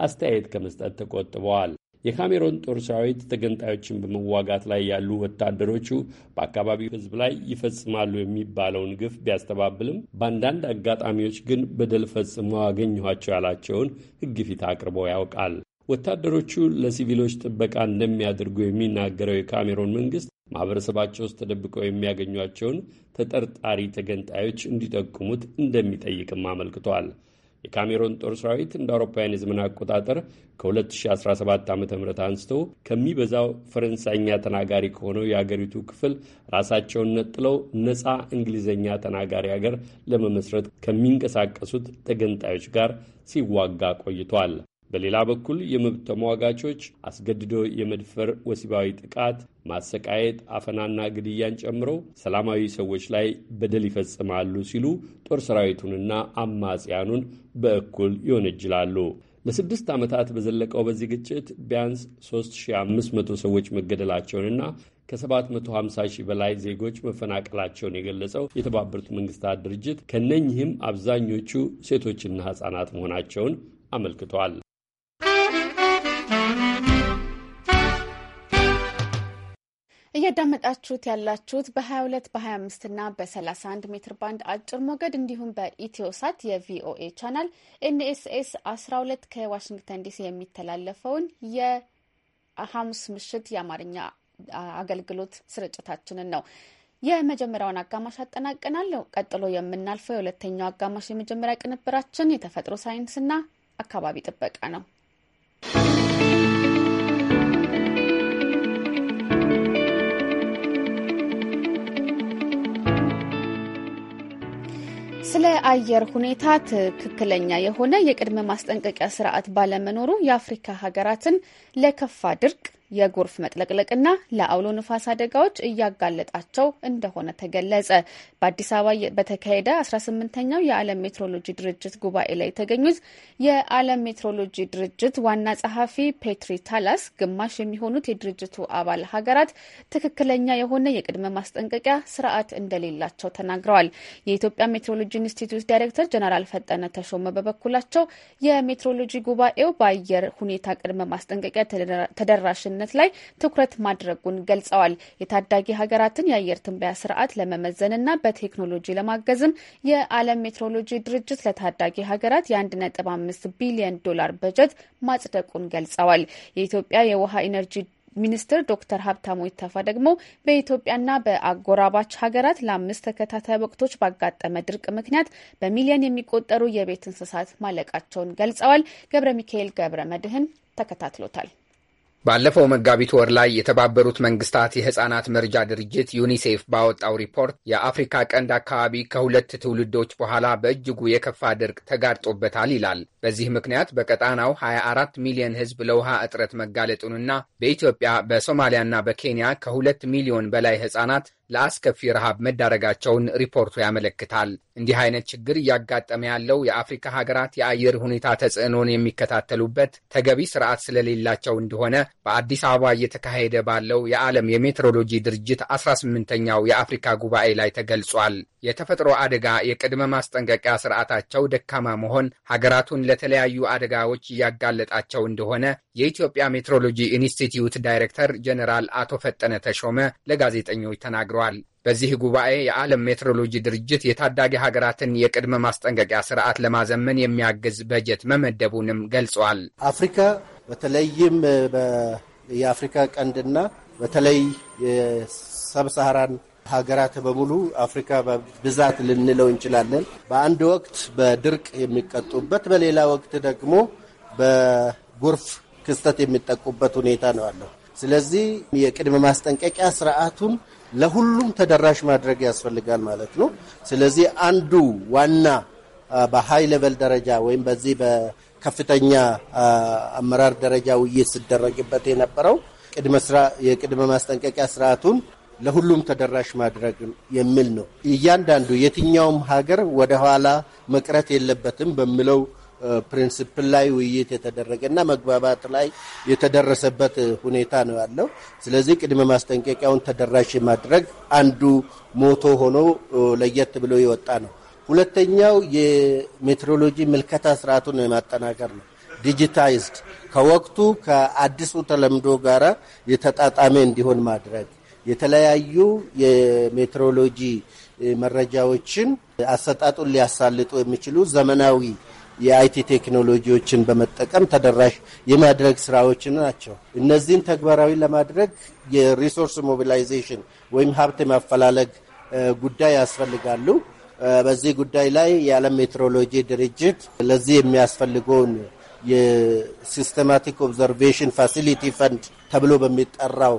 አስተያየት ከመስጠት ተቆጥበዋል። የካሜሮን ጦር ሰራዊት ተገንጣዮችን በመዋጋት ላይ ያሉ ወታደሮቹ በአካባቢው ሕዝብ ላይ ይፈጽማሉ የሚባለውን ግፍ ቢያስተባብልም በአንዳንድ አጋጣሚዎች ግን በደል ፈጽመው አገኘኋቸው ያላቸውን ሕግ ፊት አቅርቦ ያውቃል። ወታደሮቹ ለሲቪሎች ጥበቃ እንደሚያደርጉ የሚናገረው የካሜሮን መንግስት ማህበረሰባቸው ውስጥ ተደብቀው የሚያገኟቸውን ተጠርጣሪ ተገንጣዮች እንዲጠቁሙት እንደሚጠይቅም አመልክቷል። የካሜሮን ጦር ሰራዊት እንደ አውሮፓውያን የዘመን አቆጣጠር ከ2017 ዓ ም አንስቶ ከሚበዛው ፈረንሳይኛ ተናጋሪ ከሆነው የአገሪቱ ክፍል ራሳቸውን ነጥለው ነፃ እንግሊዝኛ ተናጋሪ ሀገር ለመመስረት ከሚንቀሳቀሱት ተገንጣዮች ጋር ሲዋጋ ቆይቷል። በሌላ በኩል የመብት ተሟጋቾች አስገድዶ የመድፈር፣ ወሲባዊ ጥቃት፣ ማሰቃየት፣ አፈናና ግድያን ጨምሮ ሰላማዊ ሰዎች ላይ በደል ይፈጽማሉ ሲሉ ጦር ሰራዊቱንና አማጽያኑን በእኩል ይወነጅላሉ። ለስድስት ዓመታት በዘለቀው በዚህ ግጭት ቢያንስ 3500 ሰዎች መገደላቸውንና ከ750 ሺህ በላይ ዜጎች መፈናቀላቸውን የገለጸው የተባበሩት መንግስታት ድርጅት ከነኝህም አብዛኞቹ ሴቶችና ሕፃናት መሆናቸውን አመልክቷል። እያዳመጣችሁት ያላችሁት በ22 በ25 እና በ31 ሜትር ባንድ አጭር ሞገድ እንዲሁም በኢትዮሳት የቪኦኤ ቻናል ኤንኤስኤስ 12 ከዋሽንግተን ዲሲ የሚተላለፈውን የሐሙስ ምሽት የአማርኛ አገልግሎት ስርጭታችንን ነው። የመጀመሪያውን አጋማሽ አጠናቀናል። ቀጥሎ የምናልፈው የሁለተኛው አጋማሽ የመጀመሪያ ቅንብራችን የተፈጥሮ ሳይንስና አካባቢ ጥበቃ ነው። የአየር ሁኔታ ትክክለኛ የሆነ የቅድመ ማስጠንቀቂያ ስርዓት ባለመኖሩ የአፍሪካ ሀገራትን ለከፋ ድርቅ የጎርፍ መጥለቅለቅና ለአውሎ ንፋስ አደጋዎች እያጋለጣቸው እንደሆነ ተገለጸ። በአዲስ አበባ በተካሄደ 18ኛው የዓለም ሜትሮሎጂ ድርጅት ጉባኤ ላይ የተገኙት የዓለም ሜትሮሎጂ ድርጅት ዋና ጸሐፊ ፔትሪ ታላስ ግማሽ የሚሆኑት የድርጅቱ አባል ሀገራት ትክክለኛ የሆነ የቅድመ ማስጠንቀቂያ ስርዓት እንደሌላቸው ተናግረዋል። የኢትዮጵያ ሜትሮሎጂ ኢንስቲትዩት ዳይሬክተር ጀነራል ፈጠነ ተሾመ በበኩላቸው የሜትሮሎጂ ጉባኤው በአየር ሁኔታ ቅድመ ማስጠንቀቂያ ተደራሽነት ነጻነት ላይ ትኩረት ማድረጉን ገልጸዋል። የታዳጊ ሀገራትን የአየር ትንበያ ስርዓት ለመመዘንና በቴክኖሎጂ ለማገዝም የዓለም ሜትሮሎጂ ድርጅት ለታዳጊ ሀገራት የ1.5 ቢሊዮን ዶላር በጀት ማጽደቁን ገልጸዋል። የኢትዮጵያ የውሃ ኢነርጂ ሚኒስትር ዶክተር ሀብታሙ ይተፋ ደግሞ በኢትዮጵያና በአጎራባች ሀገራት ለአምስት ተከታታይ ወቅቶች ባጋጠመ ድርቅ ምክንያት በሚሊዮን የሚቆጠሩ የቤት እንስሳት ማለቃቸውን ገልጸዋል። ገብረ ሚካኤል ገብረ መድህን ተከታትሎታል። ባለፈው መጋቢት ወር ላይ የተባበሩት መንግስታት የህፃናት መርጃ ድርጅት ዩኒሴፍ ባወጣው ሪፖርት የአፍሪካ ቀንድ አካባቢ ከሁለት ትውልዶች በኋላ በእጅጉ የከፋ ድርቅ ተጋርጦበታል ይላል። በዚህ ምክንያት በቀጣናው 24 ሚሊዮን ህዝብ ለውሃ እጥረት መጋለጡንና በኢትዮጵያ በሶማሊያና በኬንያ ከሁለት ሚሊዮን በላይ ህፃናት ለአስከፊ ረሃብ መዳረጋቸውን ሪፖርቱ ያመለክታል። እንዲህ አይነት ችግር እያጋጠመ ያለው የአፍሪካ ሀገራት የአየር ሁኔታ ተጽዕኖን የሚከታተሉበት ተገቢ ስርዓት ስለሌላቸው እንደሆነ በአዲስ አበባ እየተካሄደ ባለው የዓለም የሜትሮሎጂ ድርጅት 18ኛው የአፍሪካ ጉባኤ ላይ ተገልጿል። የተፈጥሮ አደጋ የቅድመ ማስጠንቀቂያ ስርዓታቸው ደካማ መሆን ሀገራቱን ለተለያዩ አደጋዎች እያጋለጣቸው እንደሆነ የኢትዮጵያ ሜትሮሎጂ ኢንስቲትዩት ዳይሬክተር ጀኔራል አቶ ፈጠነ ተሾመ ለጋዜጠኞች ተናግረዋል። በዚህ ጉባኤ የዓለም ሜትሮሎጂ ድርጅት የታዳጊ ሀገራትን የቅድመ ማስጠንቀቂያ ስርዓት ለማዘመን የሚያግዝ በጀት መመደቡንም ገልጿል። አፍሪካ በተለይም የአፍሪካ ቀንድና በተለይ የሰብሳራን ሀገራት በሙሉ አፍሪካ ብዛት ልንለው እንችላለን። በአንድ ወቅት በድርቅ የሚቀጡበት፣ በሌላ ወቅት ደግሞ በጎርፍ ክስተት የሚጠቁበት ሁኔታ ነው ያለው። ስለዚህ የቅድመ ማስጠንቀቂያ ስርዓቱን ለሁሉም ተደራሽ ማድረግ ያስፈልጋል ማለት ነው። ስለዚህ አንዱ ዋና በሀይ ሌቨል ደረጃ ወይም በዚህ በከፍተኛ አመራር ደረጃ ውይይት ሲደረግበት የነበረው የቅድመ ማስጠንቀቂያ ስርዓቱን ለሁሉም ተደራሽ ማድረግ የሚል ነው። እያንዳንዱ የትኛውም ሀገር ወደኋላ መቅረት የለበትም በሚለው ፕሪንስፕል ላይ ውይይት የተደረገና መግባባት ላይ የተደረሰበት ሁኔታ ነው ያለው። ስለዚህ ቅድመ ማስጠንቀቂያውን ተደራሽ ማድረግ አንዱ ሞቶ ሆኖ ለየት ብሎ የወጣ ነው። ሁለተኛው የሜትሮሎጂ ምልከታ ስርዓቱን ማጠናከር ነው። ዲጂታይዝድ ከወቅቱ ከአዲሱ ተለምዶ ጋራ የተጣጣመ እንዲሆን ማድረግ የተለያዩ የሜትሮሎጂ መረጃዎችን አሰጣጡን ሊያሳልጡ የሚችሉ ዘመናዊ የአይቲ ቴክኖሎጂዎችን በመጠቀም ተደራሽ የማድረግ ስራዎች ናቸው። እነዚህን ተግባራዊ ለማድረግ የሪሶርስ ሞቢላይዜሽን ወይም ሀብት ማፈላለግ ጉዳይ ያስፈልጋሉ። በዚህ ጉዳይ ላይ የዓለም ሜትሮሎጂ ድርጅት ለዚህ የሚያስፈልገውን የሲስተማቲክ ኦብዘርቬሽን ፋሲሊቲ ፈንድ ተብሎ በሚጠራው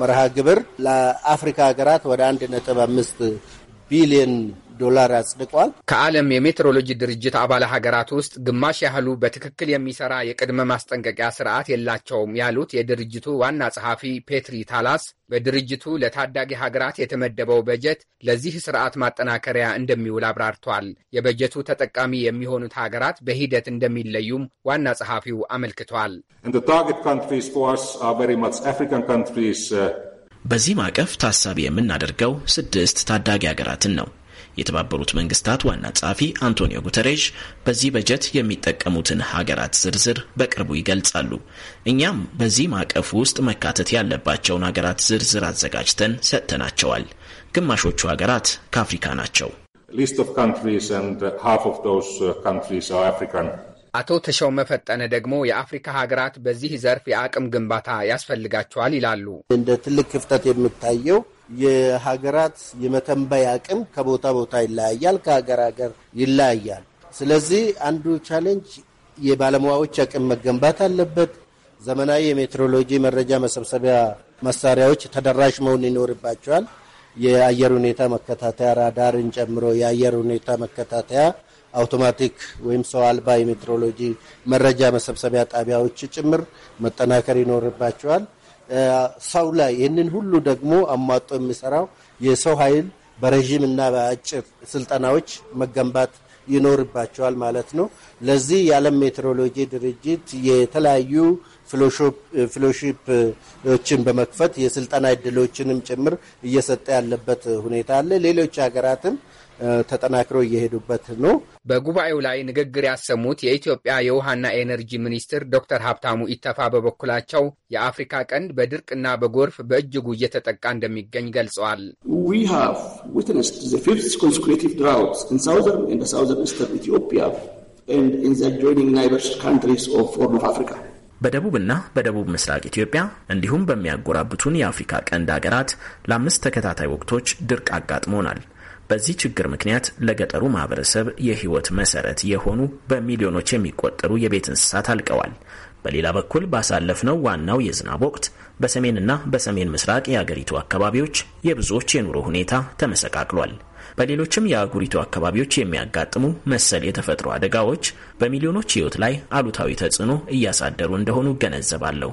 መርሃ ግብር ለአፍሪካ ሀገራት ወደ አንድ ነጥብ አምስት ቢሊዮን ዶላር አጽድቋል። ከዓለም የሜትሮሎጂ ድርጅት አባል ሀገራት ውስጥ ግማሽ ያህሉ በትክክል የሚሰራ የቅድመ ማስጠንቀቂያ ስርዓት የላቸውም ያሉት የድርጅቱ ዋና ጸሐፊ ፔትሪ ታላስ በድርጅቱ ለታዳጊ ሀገራት የተመደበው በጀት ለዚህ ስርዓት ማጠናከሪያ እንደሚውል አብራርቷል። የበጀቱ ተጠቃሚ የሚሆኑት ሀገራት በሂደት እንደሚለዩም ዋና ጸሐፊው አመልክቷል። uh, በዚህ ማዕቀፍ ታሳቢ የምናደርገው ስድስት ታዳጊ ሀገራትን ነው። የተባበሩት መንግስታት ዋና ጸሐፊ አንቶኒዮ ጉተሬዥ በዚህ በጀት የሚጠቀሙትን ሀገራት ዝርዝር በቅርቡ ይገልጻሉ። እኛም በዚህ ማዕቀፍ ውስጥ መካተት ያለባቸውን ሀገራት ዝርዝር አዘጋጅተን ሰጥተናቸዋል። ግማሾቹ ሀገራት ከአፍሪካ ናቸው። uh, uh, አቶ ተሾመ ፈጠነ ደግሞ የአፍሪካ ሀገራት በዚህ ዘርፍ የአቅም ግንባታ ያስፈልጋቸዋል ይላሉ። እንደ ትልቅ ክፍተት የሚታየው የሀገራት የመተንበይ አቅም ከቦታ ቦታ ይለያያል፣ ከሀገር ሀገር ይለያያል። ስለዚህ አንዱ ቻሌንጅ የባለሙያዎች አቅም መገንባት አለበት። ዘመናዊ የሜትሮሎጂ መረጃ መሰብሰቢያ መሳሪያዎች ተደራሽ መሆን ይኖርባቸዋል። የአየር ሁኔታ መከታተያ ራዳርን ጨምሮ የአየር ሁኔታ መከታተያ አውቶማቲክ ወይም ሰው አልባ የሜትሮሎጂ መረጃ መሰብሰቢያ ጣቢያዎች ጭምር መጠናከር ይኖርባቸዋል። ሰው ላይ ይህንን ሁሉ ደግሞ አሟጦ የሚሰራው የሰው ኃይል በረዥም እና በአጭር ስልጠናዎች መገንባት ይኖርባቸዋል ማለት ነው። ለዚህ የዓለም ሜትሮሎጂ ድርጅት የተለያዩ ፍሎሺፖችን በመክፈት የስልጠና እድሎችንም ጭምር እየሰጠ ያለበት ሁኔታ አለ። ሌሎች ሀገራትም ተጠናክረው እየሄዱበት ነው። በጉባኤው ላይ ንግግር ያሰሙት የኢትዮጵያ የውሃና ኤነርጂ ሚኒስትር ዶክተር ሀብታሙ ኢተፋ በበኩላቸው የአፍሪካ ቀንድ በድርቅና በጎርፍ በእጅጉ እየተጠቃ እንደሚገኝ ገልጸዋል። በደቡብና በደቡብ ምስራቅ ኢትዮጵያ እንዲሁም በሚያጎራብቱን የአፍሪካ ቀንድ ሀገራት ለአምስት ተከታታይ ወቅቶች ድርቅ አጋጥሞናል። በዚህ ችግር ምክንያት ለገጠሩ ማህበረሰብ የህይወት መሰረት የሆኑ በሚሊዮኖች የሚቆጠሩ የቤት እንስሳት አልቀዋል። በሌላ በኩል ባሳለፍነው ዋናው የዝናብ ወቅት በሰሜንና በሰሜን ምስራቅ የአገሪቱ አካባቢዎች የብዙዎች የኑሮ ሁኔታ ተመሰቃቅሏል። በሌሎችም የአህጉሪቱ አካባቢዎች የሚያጋጥሙ መሰል የተፈጥሮ አደጋዎች በሚሊዮኖች ህይወት ላይ አሉታዊ ተጽዕኖ እያሳደሩ እንደሆኑ እገነዘባለሁ።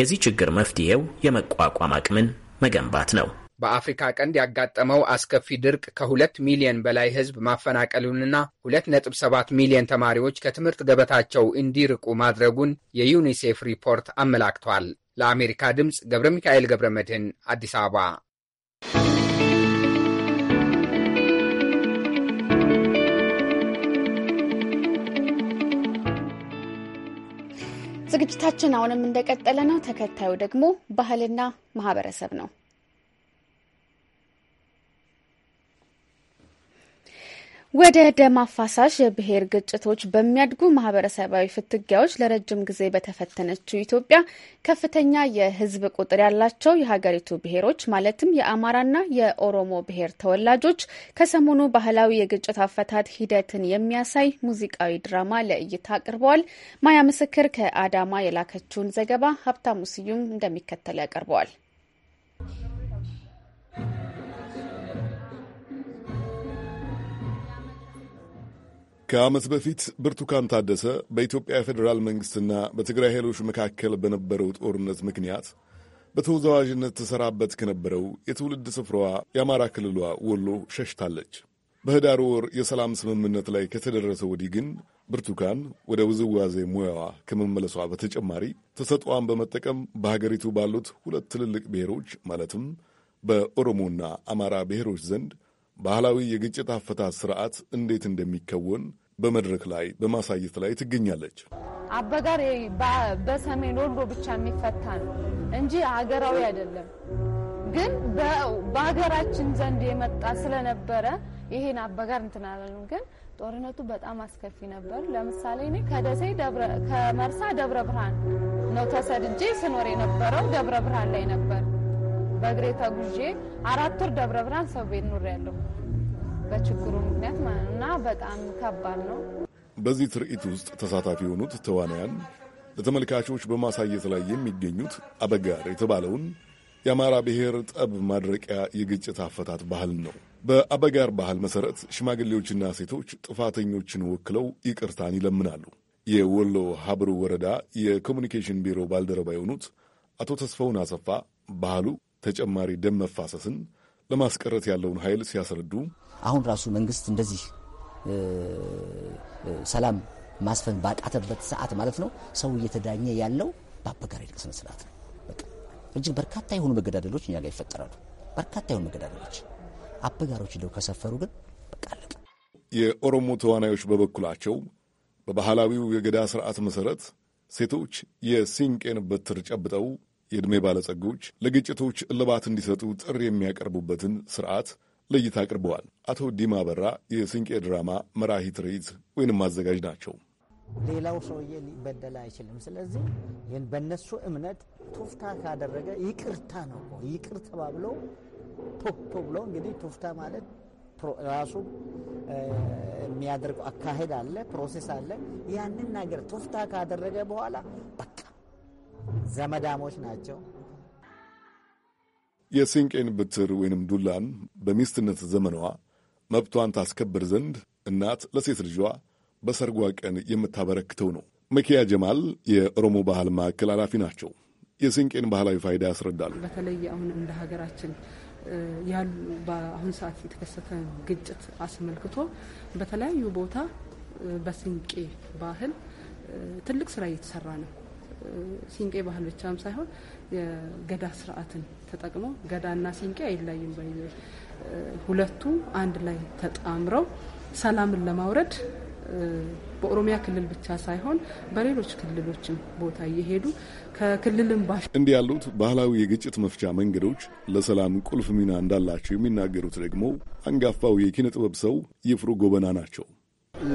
የዚህ ችግር መፍትሄው የመቋቋም አቅምን መገንባት ነው። በአፍሪካ ቀንድ ያጋጠመው አስከፊ ድርቅ ከሁለት ሚሊዮን በላይ ህዝብ ማፈናቀሉንና 2.7 ሚሊዮን ተማሪዎች ከትምህርት ገበታቸው እንዲርቁ ማድረጉን የዩኒሴፍ ሪፖርት አመላክቷል። ለአሜሪካ ድምፅ ገብረ ሚካኤል ገብረ መድህን አዲስ አበባ። ዝግጅታችን አሁንም እንደቀጠለ ነው። ተከታዩ ደግሞ ባህልና ማህበረሰብ ነው። ወደ ደም አፋሳሽ የብሔር ግጭቶች በሚያድጉ ማህበረሰባዊ ፍትጊያዎች ለረጅም ጊዜ በተፈተነችው ኢትዮጵያ ከፍተኛ የሕዝብ ቁጥር ያላቸው የሀገሪቱ ብሔሮች ማለትም የአማራና የኦሮሞ ብሔር ተወላጆች ከሰሞኑ ባህላዊ የግጭት አፈታት ሂደትን የሚያሳይ ሙዚቃዊ ድራማ ለእይታ አቅርበዋል። ማያ ምስክር ከአዳማ የላከችውን ዘገባ ሀብታሙ ስዩም እንደሚከተል ያቀርበዋል። ከዓመት በፊት ብርቱካን ታደሰ በኢትዮጵያ ፌዴራል መንግሥትና በትግራይ ኃይሎች መካከል በነበረው ጦርነት ምክንያት በተወዛዋዥነት ተሰራበት ከነበረው የትውልድ ስፍራዋ የአማራ ክልሏ ወሎ ሸሽታለች። በህዳር ወር የሰላም ስምምነት ላይ ከተደረሰ ወዲህ ግን ብርቱካን ወደ ውዝዋዜ ሙያዋ ከመመለሷ በተጨማሪ ተሰጥኦዋን በመጠቀም በሀገሪቱ ባሉት ሁለት ትልልቅ ብሔሮች ማለትም በኦሮሞና አማራ ብሔሮች ዘንድ ባህላዊ የግጭት አፈታት ስርዓት እንዴት እንደሚከወን በመድረክ ላይ በማሳየት ላይ ትገኛለች። አበጋር በሰሜን ወሎ ብቻ የሚፈታ ነው እንጂ ሀገራዊ አይደለም። ግን በሀገራችን ዘንድ የመጣ ስለነበረ ይሄን አበጋር እንትን አላለም። ግን ጦርነቱ በጣም አስከፊ ነበር። ለምሳሌ እኔ ከደሴ ከመርሳ ደብረ ብርሃን ነው ተሰድጄ ስኖር የነበረው ደብረ ብርሃን ላይ ነበር። በእግሬ ተጉዤ አራት ወር ደብረ ብርሃን ሰው ቤት ኑሬ ያለሁ በችግሩ ምክንያት እና በጣም ከባድ ነው። በዚህ ትርኢት ውስጥ ተሳታፊ የሆኑት ተዋናያን ለተመልካቾች በማሳየት ላይ የሚገኙት አበጋር የተባለውን የአማራ ብሔር ጠብ ማድረቂያ የግጭት አፈታት ባህል ነው። በአበጋር ባህል መሠረት ሽማግሌዎችና ሴቶች ጥፋተኞችን ወክለው ይቅርታን ይለምናሉ። የወሎ ሀብሩ ወረዳ የኮሚኒኬሽን ቢሮ ባልደረባ የሆኑት አቶ ተስፋውን አሰፋ ባህሉ ተጨማሪ ደም መፋሰስን ለማስቀረት ያለውን ኃይል ሲያስረዱ አሁን ራሱ መንግስት እንደዚህ ሰላም ማስፈን ባቃተበት ሰዓት ማለት ነው ሰው እየተዳኘ ያለው በአበጋሪ ስነ ስርዓት ነው። እጅግ በርካታ የሆኑ መገዳደሎች እኛ ጋር ይፈጠራሉ። በርካታ የሆኑ መገዳደሎች አበጋሮች ሄደው ከሰፈሩ ግን በቃ አለቀ። የኦሮሞ ተዋናዮች በበኩላቸው በባህላዊው የገዳ ስርዓት መሰረት ሴቶች የሲንቄን በትር ጨብጠው የዕድሜ ባለጸጎች ለግጭቶች እልባት እንዲሰጡ ጥሪ የሚያቀርቡበትን ስርዓት ለእይታ አቅርበዋል። አቶ ዲማ በራ የስንቄ ድራማ መራሂ ትርኢት ወይንም አዘጋጅ ናቸው። ሌላው ሰውዬ ሊበደል አይችልም። ስለዚህ ይህን በእነሱ እምነት ቱፍታ ካደረገ ይቅርታ ነው። ይቅር ተባብሎ ቶቶ ብሎ እንግዲህ ቱፍታ ማለት ራሱ የሚያደርገው አካሄድ አለ፣ ፕሮሴስ አለ። ያንን ነገር ቱፍታ ካደረገ በኋላ በቃ ዘመዳሞች ናቸው። የሲንቄን ብትር ወይንም ዱላን በሚስትነት ዘመኗ መብቷን ታስከብር ዘንድ እናት ለሴት ልጇ በሰርጓ ቀን የምታበረክተው ነው። መኪያ ጀማል የኦሮሞ ባህል ማዕከል ኃላፊ ናቸው። የሲንቄን ባህላዊ ፋይዳ ያስረዳሉ። በተለይ አሁን እንደ ሀገራችን ያሉ በአሁን ሰዓት የተከሰተ ግጭት አስመልክቶ በተለያዩ ቦታ በሲንቄ ባህል ትልቅ ስራ እየተሰራ ነው። ሲንቄ ባህል ብቻም ሳይሆን የገዳ ስርዓትን ተጠቅመው ገዳና ሲንቄ አይለያዩም። በይዘ ሁለቱ አንድ ላይ ተጣምረው ሰላምን ለማውረድ በኦሮሚያ ክልል ብቻ ሳይሆን በሌሎች ክልሎችም ቦታ እየሄዱ ከክልልም ባ እንዲህ ያሉት ባህላዊ የግጭት መፍቻ መንገዶች ለሰላም ቁልፍ ሚና እንዳላቸው የሚናገሩት ደግሞ አንጋፋው የኪነ ጥበብ ሰው ይፍሩ ጎበና ናቸው።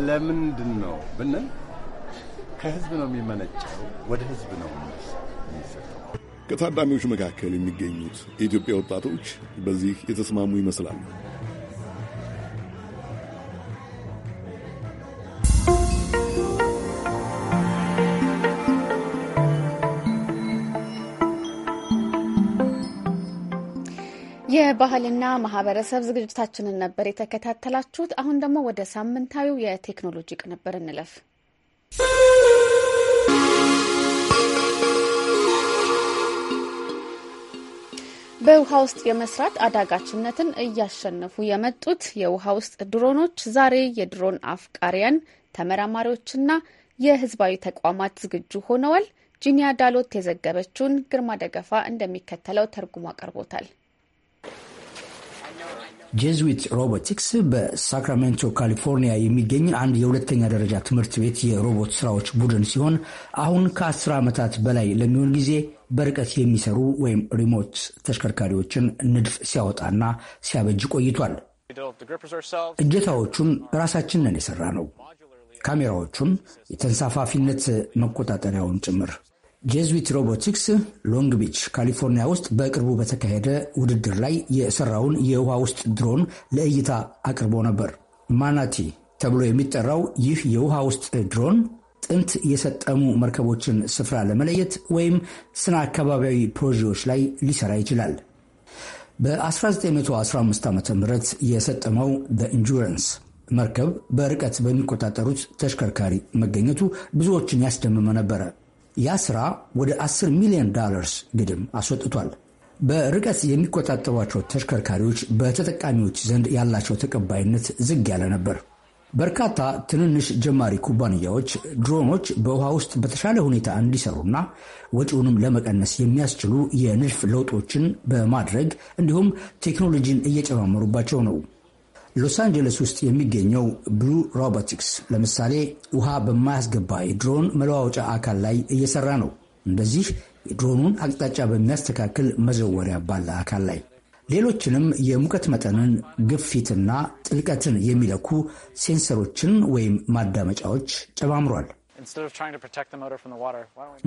ለምንድን ነው ብንል ከህዝብ ነው የሚመነጨው፣ ወደ ህዝብ ነው የሚሰጠው። ከታዳሚዎች መካከል የሚገኙት የኢትዮጵያ ወጣቶች በዚህ የተስማሙ ይመስላሉ። የባህልና ማህበረሰብ ዝግጅታችንን ነበር የተከታተላችሁት። አሁን ደግሞ ወደ ሳምንታዊው የቴክኖሎጂ ቅንብር እንለፍ። በውሃ ውስጥ የመስራት አዳጋችነትን እያሸነፉ የመጡት የውሃ ውስጥ ድሮኖች ዛሬ የድሮን አፍቃሪያን ተመራማሪዎችና የህዝባዊ ተቋማት ዝግጁ ሆነዋል። ጂኒያ ዳሎት የዘገበችውን ግርማ ደገፋ እንደሚከተለው ተርጉሞ አቅርቦታል። ጄዝዊት ሮቦቲክስ በሳክራሜንቶ ካሊፎርኒያ የሚገኝ አንድ የሁለተኛ ደረጃ ትምህርት ቤት የሮቦት ስራዎች ቡድን ሲሆን አሁን ከአስር ዓመታት በላይ ለሚሆን ጊዜ በርቀት የሚሰሩ ወይም ሪሞት ተሽከርካሪዎችን ንድፍ ሲያወጣና ሲያበጅ ቆይቷል። እጀታዎቹን ራሳችንን የሰራ ነው። ካሜራዎቹም የተንሳፋፊነት መቆጣጠሪያውን ጭምር ጄዝዊት ሮቦቲክስ ሎንግ ቢች ካሊፎርኒያ ውስጥ በቅርቡ በተካሄደ ውድድር ላይ የሰራውን የውሃ ውስጥ ድሮን ለእይታ አቅርቦ ነበር። ማናቲ ተብሎ የሚጠራው ይህ የውሃ ውስጥ ድሮን ጥንት የሰጠሙ መርከቦችን ስፍራ ለመለየት ወይም ስነ አካባቢያዊ ፕሮጀዎች ላይ ሊሰራ ይችላል። በ1915 ዓ ም የሰጠመው ኢንጁረንስ መርከብ በርቀት በሚቆጣጠሩት ተሽከርካሪ መገኘቱ ብዙዎችን ያስደመመ ነበረ። ያ ስራ ወደ 10 ሚሊዮን ዶላርስ ግድም አስወጥቷል። በርቀት የሚቆጣጠሯቸው ተሽከርካሪዎች በተጠቃሚዎች ዘንድ ያላቸው ተቀባይነት ዝግ ያለ ነበር። በርካታ ትንንሽ ጀማሪ ኩባንያዎች ድሮኖች በውሃ ውስጥ በተሻለ ሁኔታ እንዲሰሩና ወጪውንም ለመቀነስ የሚያስችሉ የንድፍ ለውጦችን በማድረግ እንዲሁም ቴክኖሎጂን እየጨማመሩባቸው ነው። ሎስ አንጀለስ ውስጥ የሚገኘው ብሉ ሮቦቲክስ ለምሳሌ ውሃ በማያስገባ የድሮን መለዋወጫ አካል ላይ እየሰራ ነው። እንደዚህ የድሮኑን አቅጣጫ በሚያስተካክል መዘወሪያ ባለ አካል ላይ ሌሎችንም የሙቀት መጠንን፣ ግፊትና ጥልቀትን የሚለኩ ሴንሰሮችን ወይም ማዳመጫዎች ጨማምሯል።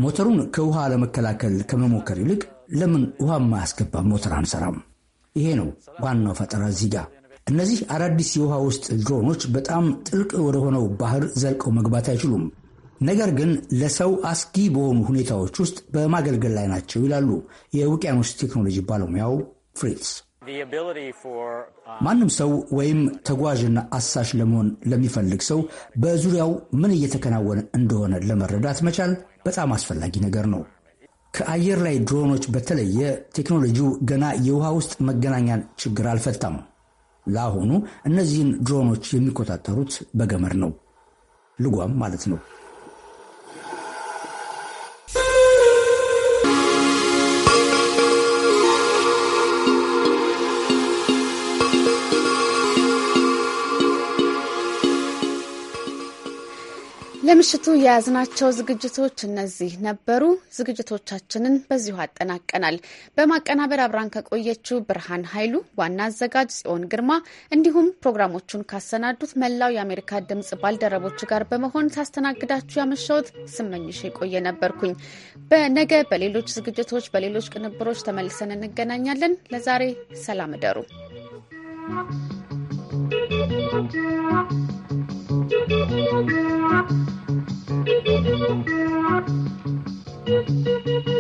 ሞተሩን ከውሃ ለመከላከል ከመሞከር ይልቅ ለምን ውሃ የማያስገባ ሞተር አንሰራም? ይሄ ነው ዋናው ፈጠራ እዚህ ጋር። እነዚህ አዳዲስ የውሃ ውስጥ ድሮኖች በጣም ጥልቅ ወደሆነው ባህር ዘልቀው መግባት አይችሉም፣ ነገር ግን ለሰው አስጊ በሆኑ ሁኔታዎች ውስጥ በማገልገል ላይ ናቸው ይላሉ የውቅያኖስ ቴክኖሎጂ ባለሙያው ፍሪትስ። uh, ማንም ሰው ወይም ተጓዥና አሳሽ ለመሆን ለሚፈልግ ሰው በዙሪያው ምን እየተከናወነ እንደሆነ ለመረዳት መቻል በጣም አስፈላጊ ነገር ነው። ከአየር ላይ ድሮኖች በተለየ ቴክኖሎጂው ገና የውሃ ውስጥ መገናኛን ችግር አልፈታም። ለአሁኑ እነዚህን ድሮኖች የሚቆጣጠሩት በገመድ ነው፣ ልጓም ማለት ነው። ለምሽቱ የያዝናቸው ዝግጅቶች እነዚህ ነበሩ። ዝግጅቶቻችንን በዚሁ አጠናቀናል። በማቀናበር አብራን ከቆየችው ብርሃን ኃይሉ፣ ዋና አዘጋጅ ጽዮን ግርማ እንዲሁም ፕሮግራሞቹን ካሰናዱት መላው የአሜሪካ ድምጽ ባልደረቦች ጋር በመሆን ሳስተናግዳችሁ ያመሻውት ስመኝሽ የቆየ ነበርኩኝ። በነገ በሌሎች ዝግጅቶች በሌሎች ቅንብሮች ተመልሰን እንገናኛለን። ለዛሬ ሰላም እደሩ። Thank you.